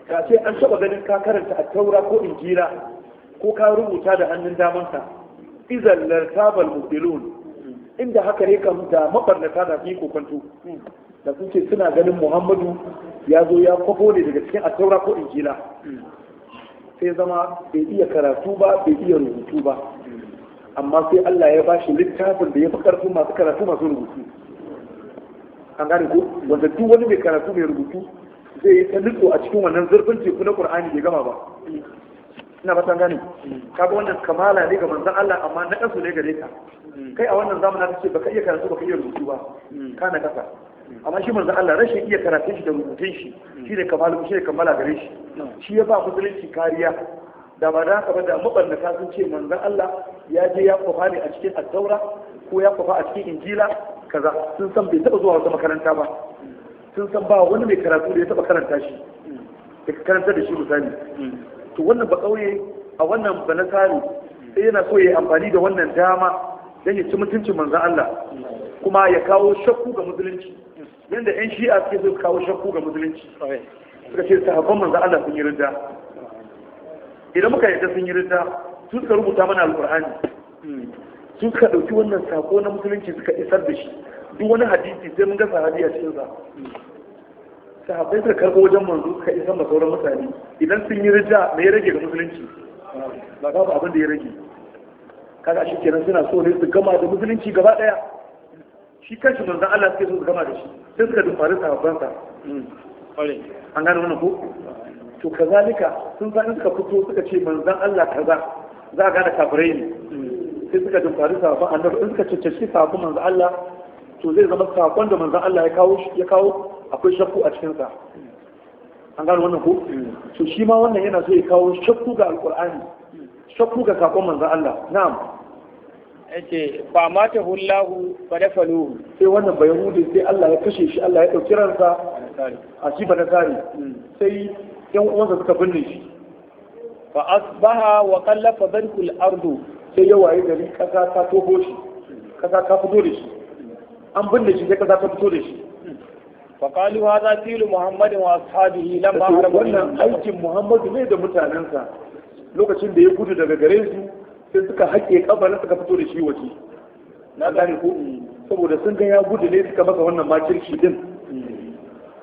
ka ce an taɓa ganin ka karanta a taura ko injila ko ka rubuta da hannun daman ka idan lartabal mubilun inda haka ne kan da mabarnata da fi kokonto da suke suna ganin muhammadu ya zo ya kwafo ne daga cikin attaura ko injila sai zama bai iya karatu ba bai iya rubutu ba amma sai Allah ya ba shi littafin da ya fi ƙarfin masu karatu masu rubutu an gane ko wanda duk wani mai karatu mai rubutu zai yi ta nutso a cikin wannan zurfin teku na Qur'ani bai gama ba ina ba ta gane ga wannan kamala ne ga manzon Allah amma na kasu ne gare ka kai a wannan zamanin ce baka iya karatu baka iya rubutu ba kana kasa amma shi manzon Allah rashin iya karatun shi da rubutun shi shi ne kamala, shi ne kamala gare shi shi ya ba musulunci kariya da ba da ka bada da sun ce manzon Allah ya je ya kofa ne a cikin addaura ko ya kofa a cikin injila kaza sun san bai taba zuwa wata makaranta ba sun san ba wani mai karatu da ya taba karanta shi da karanta da shi misali to wannan ba kauye a wannan ba na sai yana so ya yi amfani da wannan dama don ya ci mutuncin manzan Allah kuma ya kawo shakku ga musulunci yadda 'yan shi'a suke so kawo shakku ga musulunci suka ce sahabban manzan Allah sun yi rinda idan muka yadda sun yi rita sun suka rubuta mana alkur'ani Sun suka ɗauki wannan sako na musulunci suka isar da shi duk wani hadisi sai mun ga sahabi a cikin sa sahabbai suka karɓo wajen manzo suka isar da sauran mutane idan sun yi rita me ya rage ga musulunci ba babu abin da ya rage kaga shi kenan suna so ne su gama da musulunci gaba daya shi kanshi manzon Allah suke su gama da shi sai suka dumfari sa an gane wannan ko to kazalika sun san suka fito suka ce manzan Allah kaza za a gada kafirai ne sai suka dumfari sabon annabi in suka cancanci sabon manzan Allah to zai zama sakon da manzan Allah ya kawo ya kawo akwai shakku a cikin sa an gano wannan ko to shi ma wannan yana so ya kawo shakku ga alqur'ani shakku ga sakon manzan Allah na'am yace fa ta hullahu fa falo. sai wannan bayahudi sai Allah ya kashe shi Allah ya dauki ransa a shi ba tsari. Hmm. sai yan uwansa suka binne shi fa asbaha wa qallafa barkul ardu sai ya waye gari kasa ta toho shi kasa ta fito da shi an binne shi sai kasa ta fito da shi fa qalu hadha tilu muhammadin wa ashabihi lam ba'lam wannan aikin muhammadu ne da mutanansa lokacin da ya gudu daga gare su sai suka haƙe na suka fito da shi waje na gane ko saboda sun ga ya gudu ne suka masa wannan makirci din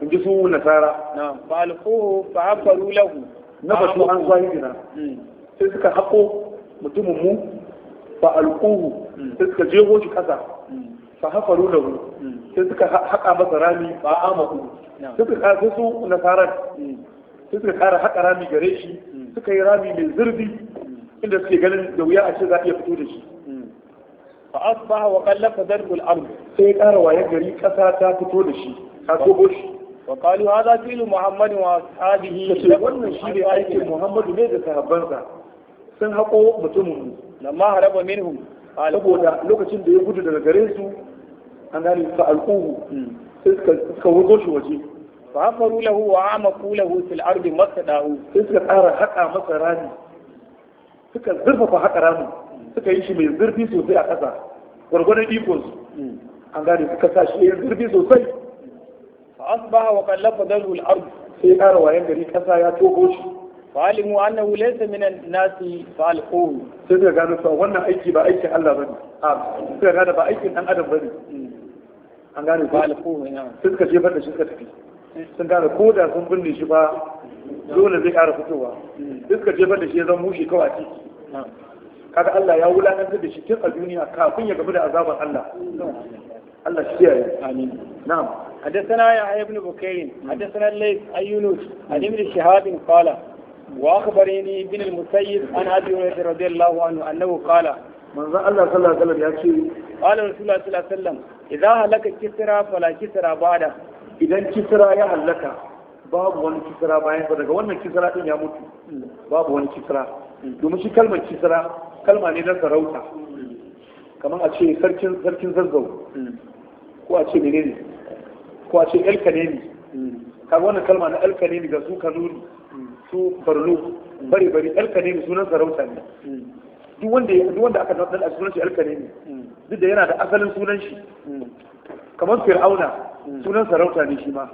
in ji sun nasara ba alkuhu ba hafaru lahu na su an gina. Mm. sai suka haƙo mutumin mu ba alkuhu mm. sai suka jeho shi kasa Ba mm. hafaru lahu sai suka haƙa masa rami ba a amaku sai suka su nasara. sai suka kara haƙa rami gare shi suka yi rami mai zurfi inda suke ganin da wuya a ce za a iya fito da shi fa asbaha wa qallafa darbul ard sai ƙara wayan gari ƙasa ta fito da shi ta tobo shi وقالوا هذا فعل محمد وهذه wannan ne aikin Muhammadu ne da sahabbansa sun haƙo mutumin lamma haraba minhum saboda lokacin da ya gudu daga gare su an gani fa alquhu sai suka wurgo shi waje fa hafaru lahu wa amaku lahu fil ardi masdahu sai suka tsara haƙa masa rami suka zurfafa haƙa rami suka yi shi mai zurfi sosai a ƙasa gwargwadon su an gane suka sa shi zurfi sosai fa asbaha wa qallafa dalu al-ard sai ƙara wayan gari kasa ya togo shi fa alimu annahu laysa min an-nasi fa alquhu sai ka gano cewa wannan aiki ba aikin Allah ah, sai ba aikin dan adam bane an gane ko alquhu na sai jefar da shi ka tafi sun gane ko da sun binne shi ba dole zai ƙara fitowa sai jefar da shi ya zama mushi kawai a ciki kaga Allah ya wulakantar da shi tun a duniya kafin ya gamu da azabar Allah Allah shi ya yi amin na'am حدثنا يحيى بن بكير حدثنا الليث عن يونس عن ابن شهاب قال واخبرني ابن المسيب عن ابي هريره رضي الله عنه انه قال من الله صلى الله عليه وسلم يحكي قال رسول الله صلى الله عليه وسلم اذا هلك كسرى فلا كسرى بعده اذا كسرى يا هلك babu wani kisira bayan sa daga wannan kisira din ya mutu babu wani kisira domin shi kalmar kisira kalma ne na sarauta kamar a ce sarkin sarkin zazzau ko a ce menene ko a ce elkanemi kaga wannan kalma na elkanemi ga su kanuni su barlo bari bari elkanemi sunan sarauta ne duk wanda duk wanda aka dan a sunan shi elkanemi duk da yana da asalin sunan shi kamar fir'auna sunan sarauta ne shi ma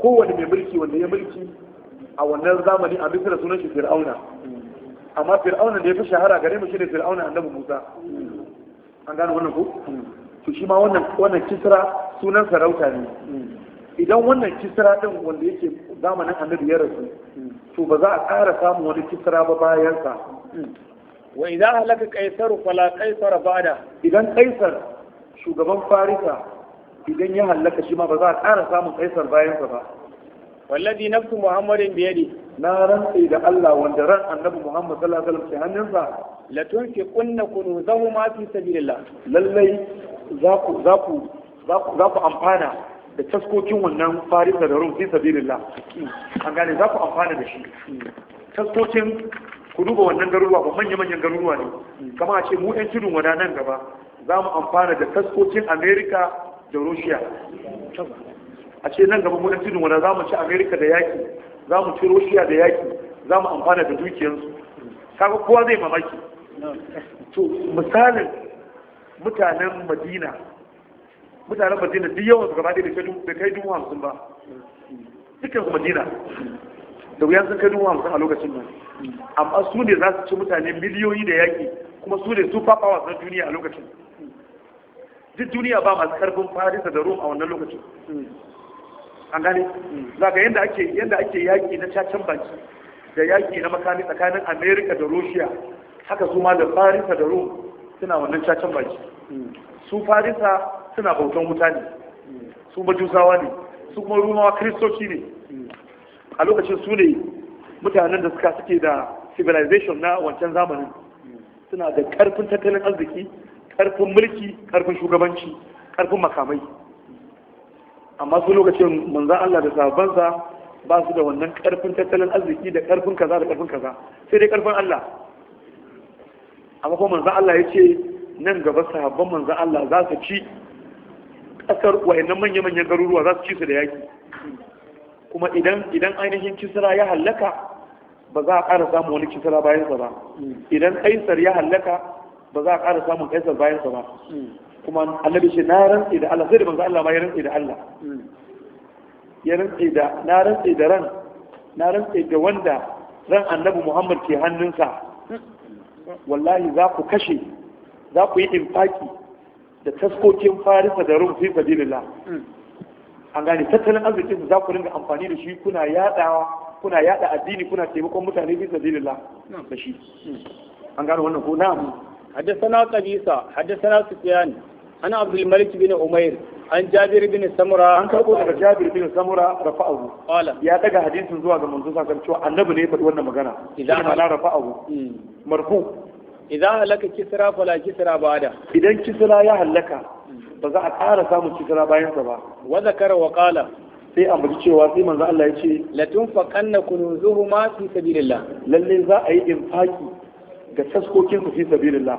kowane mai mulki wanda ya mulki a wannan zamani a bisa sunan shi fir'auna amma fir'auna da ya fi shahara gare mu shi ne fir'auna annabi musa an gane wannan ko to shi ma wannan wannan kisra sunan sarauta ne idan wannan kisra din wanda yake zamanin annabi ya rasu to ba za a ƙara samun wani kisra ba bayan sa wa idan halaka kaisar fala kaisar bada idan kaisar shugaban farisa idan ya halaka shi ma ba za a ƙara samun kaisar bayan sa ba wallazi nafsu muhammadin biyadi na rantse da Allah wanda ran annabi Muhammad sallallahu alaihi wasallam ke hannunsa la tunfiqunna kunuzahuma fi sabilillah lallai za ku amfana da taskokin wannan farin da rum fi sabilillah an gane za ku amfana da shi taskokin ku duba wannan garuruwa ba manya manyan garuruwa ne kama a ce mu yan tudun wada nan gaba za mu amfana da taskokin Amerika da Russia a ce nan gaba mu yan tudun wada za mu ci Amerika da yaki za mu ci Russia da yaki za mu amfana da dukiyarsu kaga kowa zai mamaki to misalin mutanen madina mutanen madina duk yawan su gaba ɗaya da kai dubu hamsin ba dukkan su madina da wuyan sun kai dubu hamsin a lokacin nan amma su ne za su ci mutane miliyoyi da yaƙi kuma su ne super powers na duniya a lokacin duk duniya ba masu karfin farisa da rom a wannan lokacin an gane za ka yadda ake yadda ake yaƙi na cacen baki da yaƙi na makami tsakanin america da russia haka su ma da farisa da rom suna wannan cacin baki su farisa suna bautan wuta ne su majusawa ne su kuma rumawa kristoci ne a lokacin su ne mutanen da suka suke da civilization na wancan zamanin suna da karfin tattalin arziki karfin mulki karfin shugabanci karfin makamai amma su lokacin manzan Allah da sabansa ba su da wannan karfin tattalin arziki da karfin kaza da karfin kaza sai dai karfin Allah amma kuma manzo Allah ya ce nan gaba sahabban manzo Allah za su ci kasar wayannan manya-manyan garuruwa za su ci su da yaki kuma idan idan ainihin kisra ya hallaka ba za a ƙara samun wani kisra bayansa ba idan kaisar ya hallaka ba za a ƙara samun kaisar bayansa ba kuma annabi shi na rantsi da Allah sai da manzo Allah ma ya rantsi da Allah ya rantsi da na rantsi da ran na rantsi da wanda ran annabi Muhammad ke hannunsa wallahi za ku kashe za ku yi infaki da taskokin farisa da rum fadilila sabilillah an gane tattalin arzikin za ku ringa amfani da shi kuna yadawa kuna yada addini kuna taimakon mutane fi sabilillah da shi an gane wannan ko na'am حدثنا قبيصة حدثنا سفيان ana abdul malik bin umair an jabir bin samura an karbo daga jabir samura rafa'ahu qala ya daga hadisin zuwa ga manzo sallallahu alaihi annabi ne ya wannan magana idan mala rafa'ahu marfu idan halaka kisra fala ba'da idan kisra ya halaka ba za a ƙara samun kisra bayan ba wa zakara sai a mutu cewa sai manzo Allah ya ce latun faqanna kunuzuhuma fi sabilillah lalle za a yi infaki ga taskokin ku fi sabilillah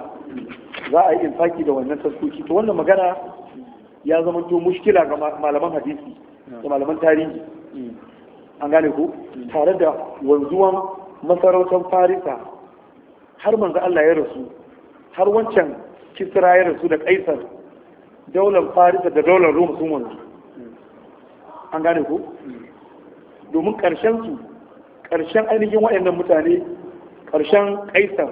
za a yi infaki da wannan taskoki to wannan magana ya zama to mushkila ga malaman hadisi da malaman tarihi an gane ku tare da wanzuwan masarautar farisa har manzo Allah ya rasu har wancan kisra ya rasu da kaisar daular farisa da daular roma sun wanzu an gane ku domin karshen su karshen ainihin waɗannan mutane Karshen kaisar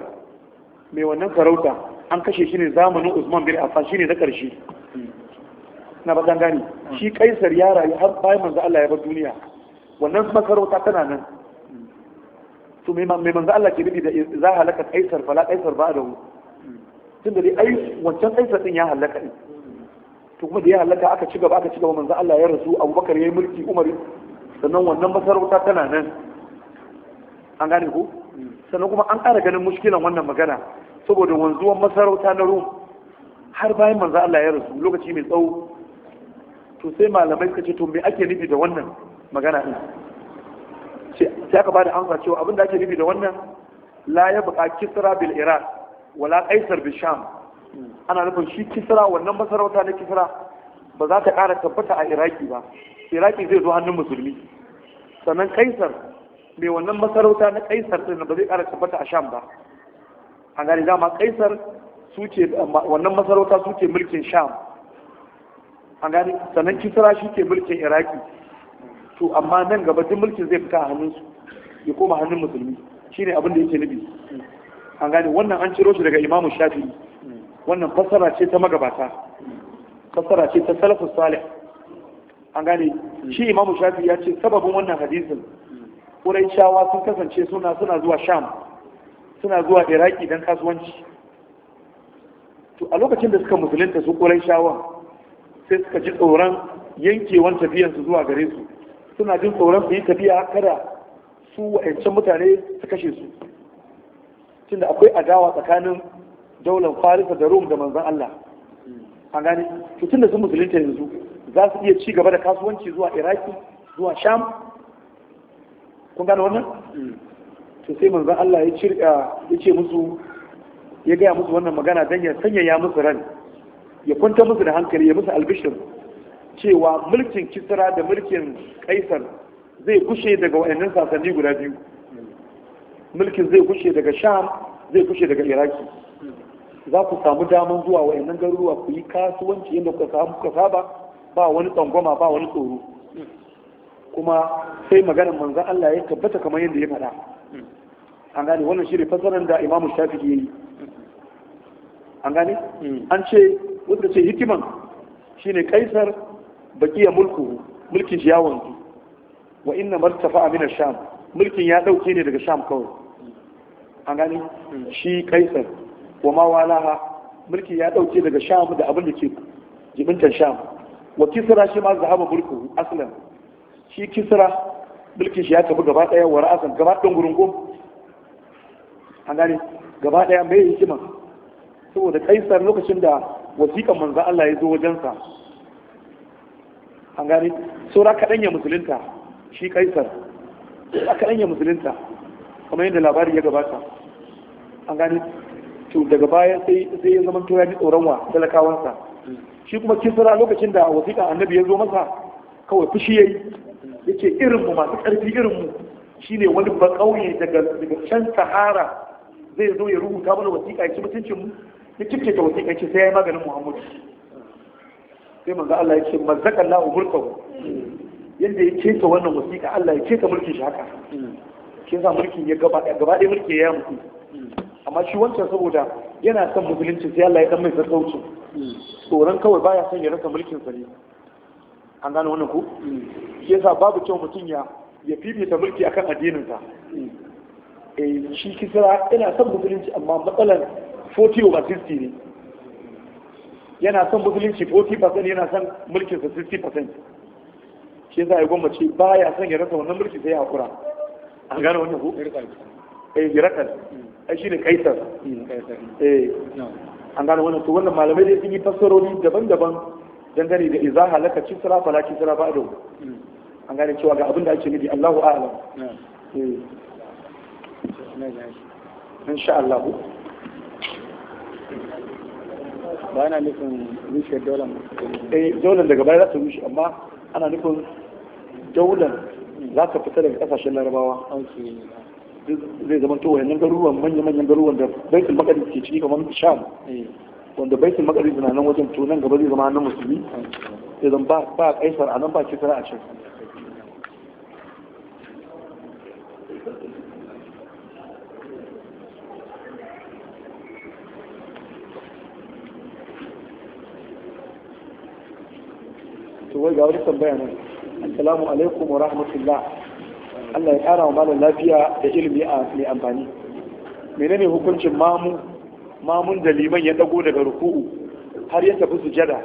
mai wannan farauta an kashe shi ne zamanin usman bin affan shi ne na ƙarshe na bakan gani shi kaisar ya rayu har bayan manzo Allah ya bar duniya wannan makarauta tana nan to mai manzo Allah ke nufi da za halaka kaisar fala kaisar ba da mu. tunda dai ai wancan kaisar din ya halaka ne to kuma da ya halaka aka ci gaba aka ci gaba manzo Allah ya rasu Abubakar ya yi mulki Umar sannan wannan masarauta tana nan an gane ku sannan kuma an ƙara ganin muskilan wannan magana saboda wanzuwan masarauta na rum har bayan manzo Allah ya rasu lokaci mai tsawo to sai malamai suka ce to me ake nufi da wannan magana din sai aka bada amsa cewa abin da ake nufi da wannan la ya buƙa kisra bil iraq wala qaisar bil sham ana nufin shi kisra wannan masarauta na kisra ba za ta ƙara tabbata a iraki ba iraki zai zo hannun musulmi sannan kaisar mai wannan masarauta na kaisar din ba zai ƙara tabbata a sham ba an gane dama kaisar suke wannan masarauta suke mulkin sham a gari sannan kisra shi ke mulkin iraki to amma nan gaba duk mulkin zai fita a hannunsu ya koma hannun musulmi shine abin da yake nufi an gane wannan an ciro shi daga imamu Shafi. wannan fassara ce ta magabata fassara ce ta salafus salih an gane shi imamu Shafi ya ce sababin wannan hadisin shawa sun kasance suna suna zuwa Sham suna zuwa Iraki don kasuwanci to a lokacin da suka musulunta su Qurayshawa sai suka ji tsoron yankewan tafiyansu su zuwa gare su suna jin tsoron su yi tafiya kada su wa'ancan mutane su kashe su tunda akwai adawa tsakanin daular Farisa da Rum da manzon Allah a gane tutun da sun musulunta yanzu za su iya ci gaba da kasuwanci zuwa Iraki zuwa Sham kun gane wannan to sai manzon Allah ya cirka yace musu ya gaya musu wannan magana don ya sanyaya musu ran ya kwanta musu da hankali ya musu albishir cewa mulkin kisra da mulkin kaisar zai kushe daga wayannan sasanni guda biyu mulkin zai kushe daga sham zai kushe daga iraki za ku samu daman zuwa wayannan garuruwa ku yi kasuwanci yadda kuka saba ba wani tsangwama ba wani tsoro kuma sai maganar manzan Allah ya tabbata kamar yadda ya faɗa an gane wannan shi ne fassarar da imamu shafi ya yi an gane hmm. an ce wanda ce hikiman shi ne kaisar bakiya mulku mulkin shi ya wanzu wa inna martafa amina sham mulkin ya ɗauke ne daga sham kawai an gane hmm. shi kaisar wa ma walaha mulkin ya ɗauke daga sham da abin da ke jibintar sham wa kisra shi ma zahaba mulku aslan shi kisra mulkin shi ya tafi gaba daya wa ra'asan gaba ɗan gurin ko an gane gaba daya mai hikima saboda kaisar lokacin da wasiƙan manzan Allah ya zo wajensa an gane saura kaɗan ya musulunta shi kaisar a kaɗan ya musulunta kamar yadda labari ya gabata an gane to daga baya sai ya zama to ya ji tsoron wa talakawansa shi kuma kisra lokacin da wasiƙan annabi ya zo masa kawai fushi ya yi Yake irin mu masu karfi irin mu shine wani bakauye daga daga can sahara zai zo ya rubuta mana wasiƙa ya ci mutuncin mu ya cike ta wasiƙa ce sai ya yi maganin muhammadu sai manzo Allah ya ce mazzaka Allah mulkahu yadda ya keta wannan wasiƙa Allah ya keta mulkin shi haka shi yasa mulkin ya gaba gaba ɗaya mulkin ya mutu amma shi wancan saboda yana son musulunci sai Allah ya dan mai sassauci tsoron kawai baya son ya rasa mulkin sa ne an gano wannan ku shi yasa babu cewa mutum ya ya fifita mulki akan addinin sa eh shi kisa ina son musulunci amma matsalan 40 over 60 ne yana son musulunci 40% yana son mulkin sa 60% shi yasa ya goma gwammace baya son ya rasa wannan mulki sai ya hakura an gano wannan ku eh birakal ai shi ne kaisar hmm, eh an gano wannan to wannan malamai dai sun yi fassarori daban-daban dangane da iza halaka kisra fala kisra ba'du an gane cewa ga abin da ake nufi Allahu a'lam in sha Allah ba na nufin rushe daular eh daular daga baya za ta rushe amma ana nufin daular za ta fita daga kasashen larabawa zai zama to wayannan garuruwan manya-manyan garuruwan da baitul maqdis ke ciki kamar sham eh. wanda bai maqdis na nan wajen to nan gaba zai zama na musulmi idan ba ba kaisar a nan ba kisra a can to wai ga wani tambaya nan assalamu alaikum wa rahmatullah Allah ya kara wa malam lafiya da ilimi a mai amfani menene hukuncin mamu mamun da liman ya dago daga ruku'u har ya tafi sujada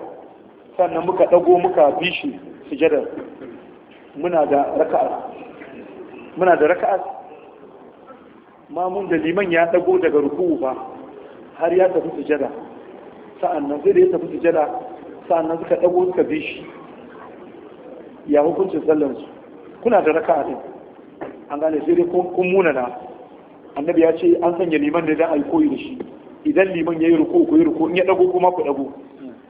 sannan muka dago muka bi shi sujada muna da raka'a muna da raka'a mamun da liman ya dago daga ruku'u ba har ya tafi sujada sa'annan sai da ya tafi sujada sa'annan suka dago suka bi shi ya hukuncin sallan su kuna da raka'a din an gane sai dai kun muna na annabi ya ce an sanya liman da za a yi koyi da shi idan liman ya yi ruku ku yi ruku in ya dago kuma ku dago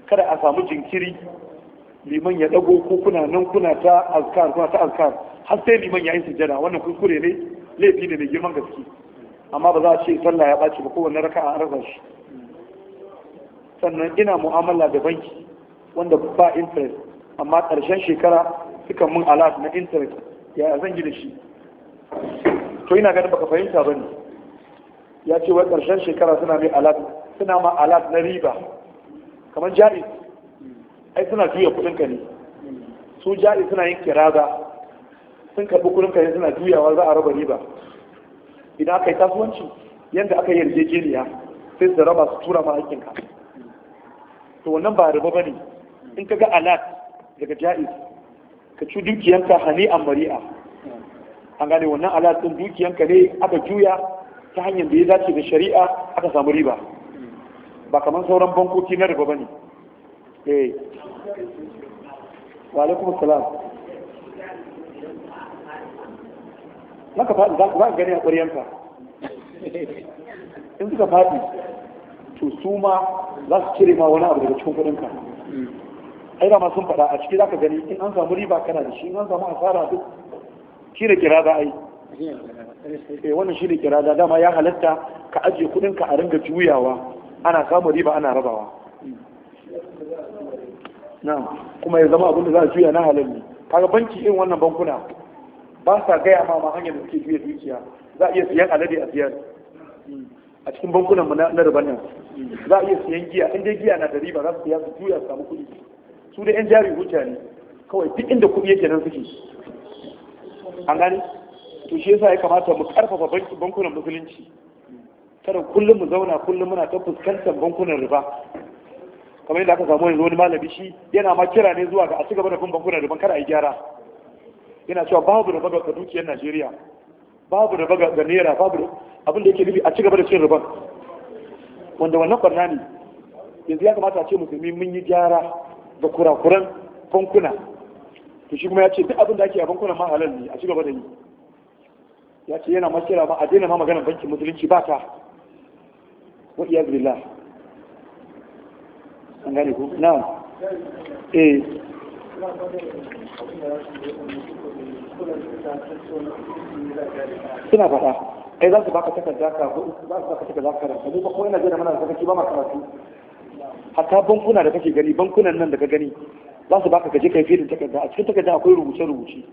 kada a samu jinkiri liman ya dago ko kuna nan kuna ta azkar kuna ta azkar har sai liman ya yi sujjada wannan kuskure ne laifi ne mai girman gaske amma ba za a ce sallah ya ɓaci ba kowane raka an rasa shi sannan ina mu'amala da banki wanda ba interest amma ƙarshen shekara suka mun alat na interest ya zan yi da shi to ina ganin baka fahimta ba ne ya ce wai ƙarshen shekara suna mai alat suna ma alat na riba kamar jari ai suna juya kudin ka ne su jari suna yin kiraza sun karɓi kudin ka ne suna juyawa za a raba riba idan aka yi kasuwanci yadda aka yi yarjejeniya sai su raba su tura ma ka to wannan ba riba ba ne in ka ga alat daga ja'iz ka ci dukiyanka hani a mari'a an gane wannan alat ɗin dukiyanka ne aka juya ta hanyar da ya dace da shari'a aka samu riba ba kamar sauran bankoki na riba ba ne eh. wa alaikum maka faɗi za ka gani a ƙwaryanka in suka faɗi to su ma za su cire ma wani abu daga cikin kuɗinka ai da ma sun faɗa a ciki za ka gani in an samu riba kana da shi in an samu asara duk kira kira za a yi eh wannan shi ne kirada dama ya halatta ka ajiye kudin ka a ringa juyawa ana samun riba ana rabawa na'am kuma ya zama abin da za a juya na halal ne kaga banki irin wannan bankuna ba sa gaya ma ma hanyar da suke juya dukiya za a iya siyan alade a siyar a cikin bankunan mu na riban nan za a iya siyan giya in dai giya na da riba za su siya su juya su samu kuɗi su dai yan jari hujja ne kawai duk inda kuɗi yake nan suke an gani to shi yasa ya kamata mu karfafa bankunan musulunci kada kullum mu zauna kullum muna ta fuskantar bankunan riba kamar yadda aka samu yanzu wani malami shi yana ma kira ne zuwa ga a cigaba da bin bankunan riba kada a yi gyara yana cewa babu da ga dukiyar Najeriya babu riba ga naira babu abin da yake nufi a cigaba da cin riban wanda wannan barna ne yanzu ya kamata a ce musulmi mun yi gyara ga kurakuran bankuna to shi kuma ya ce duk abin da ake a bankunan ma halal ne a cigaba da yi ya ce yana makira ba a daina ma magana bankin musulunci ba ta wa iya zirila an gane ku na e eh. suna fata ai za su baka takarda ka za su baka takarda ka da mu ba ko yana jira mana da kake ba ma karatu hatta bankuna da kake gani bankunan nan da ka gani za su baka kaje kai fiye da takarda a cikin takarda akwai rubuce rubuce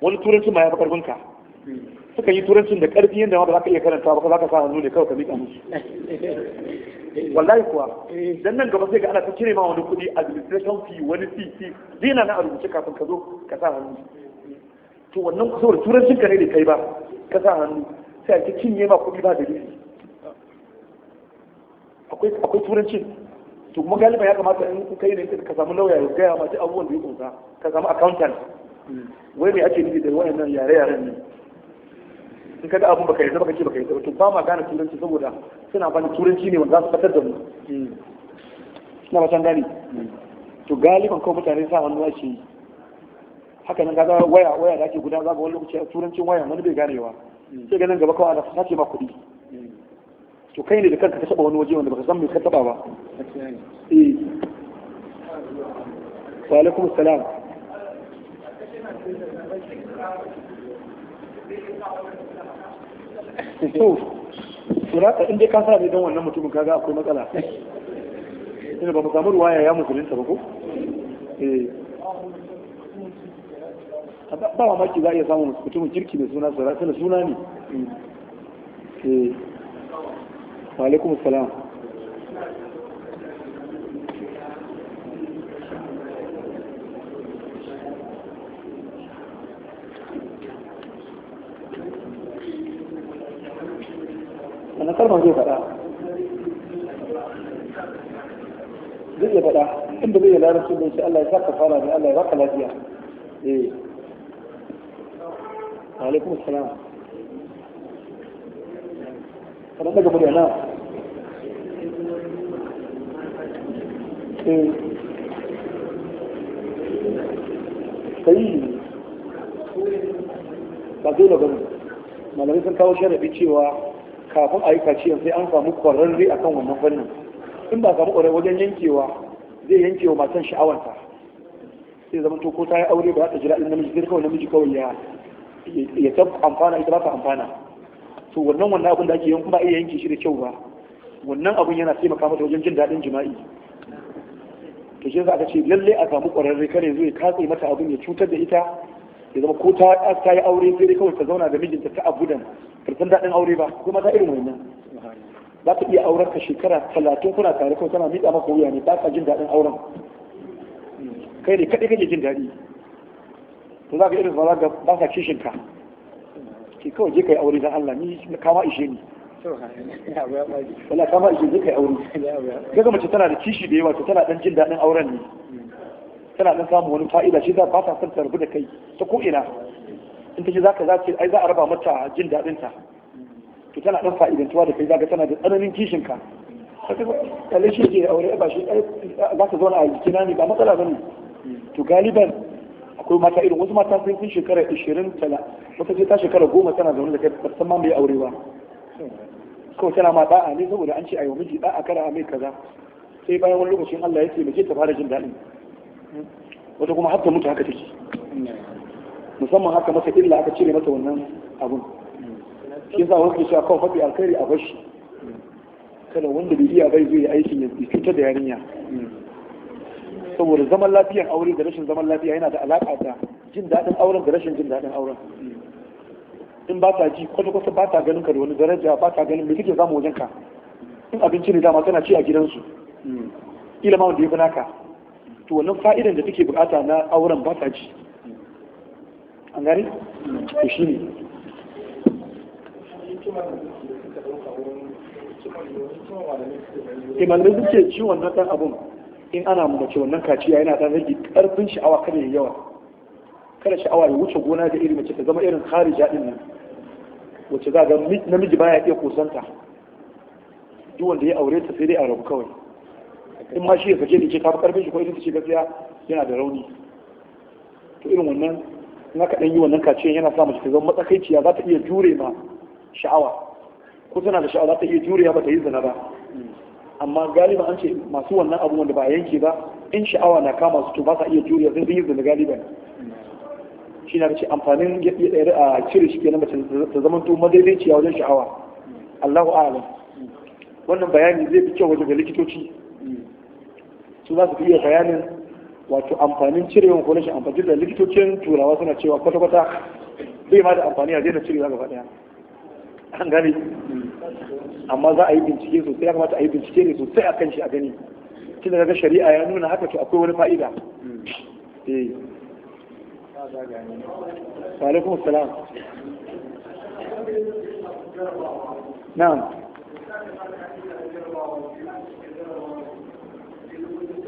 wani turanci ma ya fi karfin ka suka yi turancin da karfi yadda ma ba za ka iya karanta ba za ka sa hannu ne kawai ka miƙa musu wallahi kuwa eh. dan nan gaba sai ga ana ta kire ma wani kuɗi administration fee wani fee fee dina na a rubuce kafin ka zo ka sa hannu to wannan saboda turancin ka ne da kai ba ka sa hannu sai a ta cinye ma kuɗi ba da dalili akwai akwai turancin to kuma galiba ya kamata in ka ne ka samu lauya ya gaya ma duk abubuwan da ya kunsa ka samu accountant hmm. wai me ake nufi da wayannan yare-yaren ne in kaga abun baka yarda baka ce baka yarda to ba ma gane turanci saboda suna bani turanci ne wanda za su fatar da mu suna hmm. ba can gani hmm. to galiban kawai mutane sa hannu ake haka nan gaza waya waya da ake guda za ga wani lokaci turancin waya wani bai ganewa hmm. sai ganin gaba kawai da sace ma kuɗi to kai ne da kanka ka taba wani waje wanda baka san me ka taba ba eh wa alaikum salam to suraka in dai ka sa ne don wannan mutumin kaga akwai matsala ina ba mu samu ruwaya ya musulunta ba ko eh ba mamaki za a iya samun mutumin kirki da suna suraka da suna ne eh wa alaikum salam kalma zai faɗa zai iya faɗa inda zai yi larabci da shi Allah ya sa ka fara ne Allah ya raka lafiya eh alaikum salam kana daga murya na eh sai ba dole ba malamai sun kawo sharafi cewa kafin a yi kaciyar sai an samu kwararre a kan wannan fannin in ba samu kwararre wajen yankewa zai yanke wa matan sha'awanta sai zama to ko ta yi aure ba za ta jira in namiji sai kawai namiji kawai ya ya ta amfana ita ba ta amfana to wannan wannan abin da ake yanku ba iya yanke shi da kyau ba wannan abin yana taimaka mata wajen jin daɗin jima'i to shi yasa aka ce lalle a samu kwararre kare zai katse mata abin ya cutar da ita ya zama ko ta ta yi aure sai dai kawai ta zauna da mijinta ta abudan karsan daɗin aure ba kuma ta irin wannan za ta iya auren ka shekara talatin kuna tare kawai tana miƙa maka wuya ne ba ka jin daɗin auren kai ne kaɗai kake jin daɗi to za ka irin ba ga ba ka kishin ka ki kawai je ka yi aure don Allah ni kama ishe ni wala kama ishe je ka yi aure kaga mace tana da kishi da yawa to tana ɗan jin daɗin auren ne tana dan samu wani fa'ida shi za ba ta son ta rabu da kai ta ko ina in ta ji zaka za ai za a raba mata jin daɗin ta to tana dan fa'idantuwa da kai zaka tana da tsananin kishin ka kalle shi ke aure ba shi za ka zauna a jikina ne ba matsala bane to galiban akwai mata irin wasu mata sun kun shekara 20 tala wata ce ta shekara 10 tana zaune da kai ba san ma mai aure ba kawai tana ma da'a ne saboda an ce ayi wa miji da'a kada a mai kaza sai bayan wani lokacin Allah ya ce mace ta fara jin daɗin wata kuma haka mutu haka take musamman haka masa illa aka cire masa wannan abun shi yasa wani a kawai fadi alkhairi a bashi kada wanda bai iya bai zai aikin ya cutar da yarinya saboda zaman lafiyar aure da rashin zaman lafiya yana da alaƙa da jin daɗin auren da rashin jin daɗin auren in ba ta ji kwata-kwata ba ta ganin ka da wani daraja ba ta ganin me kike zamu wajen ka in abinci ne dama tana ci a gidansu kila ma wanda ya fi naka to wannan fa'idan da take bukata na auren ba ta ji an gane to ne eh malamai sun ce ciwon na dan abun in ana mace wannan kaciya yana dan rage karfin sha'awa kada ya yawa kada sha'awa ya wuce gona da iri mace ta zama irin kharija din nan wacce za ga namiji baya iya kusanta duk wanda ya aure ta sai dai a rabu kawai in ma shi ya sake da ke fi karfin shi ko irin ce gaskiya yana da rauni to irin wannan na dan yi wannan kaciyan yana sa mace ta zama matsakaiciya za ta iya jure ma sha'awa ko tana da sha'awa za ta iya jure ba ta yi zina ba amma galiba an ce masu wannan abu wanda ba a yanke ba in sha'awa na kama su to ba sa iya jure sai sun yi zina galiban shi na ce amfanin a cire shi kenan mace ta zama to madaidaiciya wajen sha'awa Allahu a'lam wannan bayani zai fi kyau wajen likitoci su za su iya bayanin wato amfanin yawan kone shi amfani da likitocin turawa suna cewa kwata-kwata bai ma da amfani a daina cirewa gaba daya an gane amma za a yi bincike sosai ya kamata a yi bincike ne sosai a kan shi a gani da daga shari'a ya nuna haka to akwai wani fa'ida eh salam na'am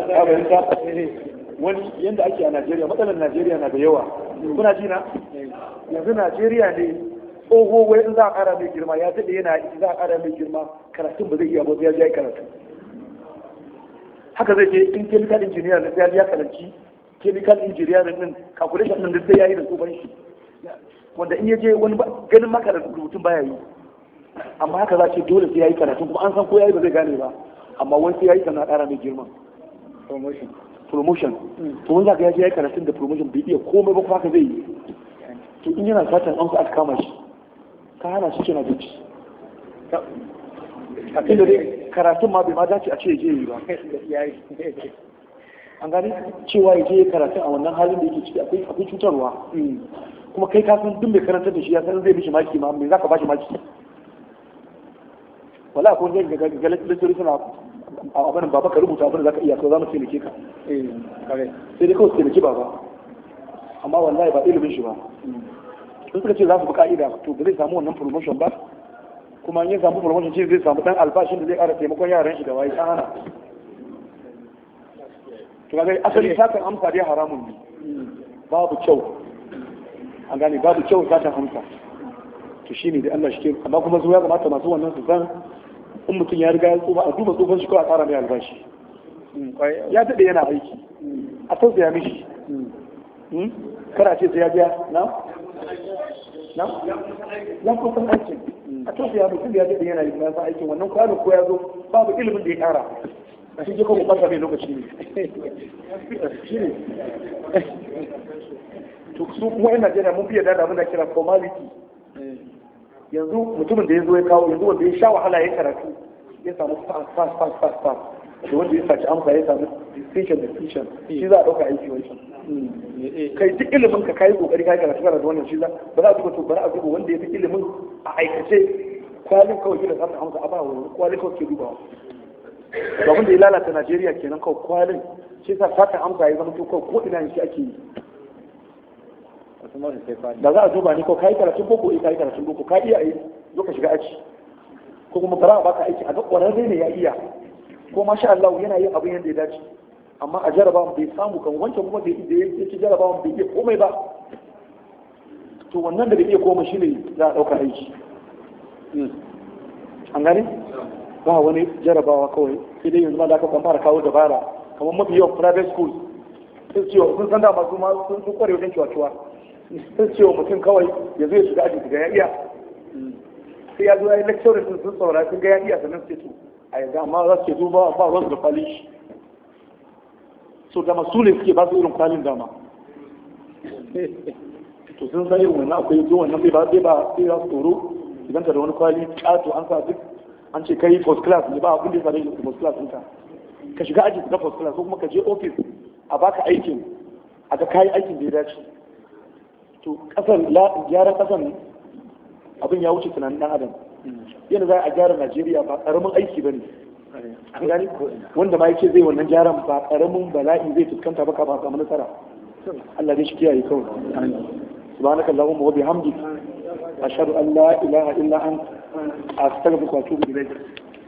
fahimta eh. wani yadda ake a najeriya matsalar najeriya na da yawa kuna ji na yanzu najeriya ne tsoho wai in za a kara mai girma ya daɗe yana in za a kara mai girma karatun ba zai iya ba ya yi karatu haka zai je in chemical engineer na ya ji ya karanci chemical engineer din calculation din sai ya yi da tsohon shi wanda in ya je wani ganin maka da rubutun baya yi amma haka za ce dole sai ya yi karatun kuma an san ko ya yi ba zai gane ba amma wani sai ya yi sannan kara mai girma promotion to wanda ka yaji ya karatun da promotion bai iya komai ba kuma haka zai yi to in yana fatan an ku aka kama shi ka hana shi kina bici a inda dai karatun ma bai ma dace a ce je yi ba an gani cewa ya je karatun a wannan halin da yake ciki akwai akwai cutarwa kuma kai ka san duk mai karantar da shi ya san zai mishi maki ma me zaka bashi maki wala ko zai ga ga lecture suna a abin baba ka rubuta abin da zaka iya ko za mu taimake ka eh, sai dai kawai taimake baba amma wallahi ba ilimin shi ba in suka ce za su bi ka'ida to ba zai samu wannan promotion ba kuma in ya samu promotion shi zai samu dan albashin da zai ƙara taimakon yaran shi da wayi hana to kaga asali sakan amsa dai haramun ne babu kyau an gane babu kyau sakan amsa to shine dai Allah shi ke amma kuma zuwa ya kamata masu wannan su san in mutum ya riga ya tsufa a duba tsufan shi ko a ƙara mai albashi hmm, ya daɗe yana aiki hmm. a tausaya mishi hmm. kada ce sai ya biya na na ya kusan aikin a tausaya mutum ya daɗe yana yi na aikin wannan kwano ko ya zo babu ilimin da ya kara a cikin kuma ɓata mai lokaci ne ne to su kuma yan Najeriya mun fiye da da kira formality eh. yanzu mutumin da ya zo ya kawo yanzu wanda ya sha wahala ya karatu ya samu star star star star star da wanda ya saci amsa ya samu distinction distinction shi za a ɗauka aiki wancan kai duk ilimin ka kai kokari kai karatu da wannan shi za ba za a duba to ba za a duba wanda ya fi ilimin a aikace kwalin kawai gina samun amsa a ba wani kwalin kawai ke dubawa babun da ya lalata Najeriya kenan kawai kwalin shi sa fatan amsa ya zama to kawai ko ina shi ake yi da za a duba ni ko kai karatun boko eh kai karatun boko ka iya ai zo ka shiga aiki. ko kuma bara ba ka aiki a ga kwararre ne ya iya ko masha Allah yana yin abin yadda ya dace amma a jarabawan bai samu kan wancan kuma bai da ya ci jarabawan bai iya komai ba to wannan da bai iya komai shine za a ɗauka aiki hmm. an gane ba wani jarabawa kawai sai dai yanzu ma da aka fara kawo dabara kamar mafi yawan private school sun san da masu sun kware wajen ciwa-ciwa sun ce wa mutum kawai ya zo ya shiga aji ga yaya iya sai ya zo ya yi lecture sun sun saurara sun ga yaya iya sannan sai su a yanzu amma za su ce duba ba ruwan da kwalin shi so dama masu ne suke ba su irin kwalin dama to sun san irin wannan akwai zuwan nan bai ba bai ba za su tsoro idan ka da wani kwali kato an sa duk an ce kai first class ne ba abin da ya sare first class ɗinka ka shiga aji ga first class ko kuma ka je office a baka aikin a ga kayi aikin da ya dace to kasan gyaran kasan abin ya wuce tunanin dan adam yana za a gyara Najeriya ba karamin aiki bane an gani wanda ma yake zai wannan gyaran ba karamin bala'i zai fuskanta ba ka ba samu nasara Allah zai shi kiyaye kawai سبحانك اللهم وبحمدك أشهد أن لا إله إلا أنت أستغفرك وأتوب إليك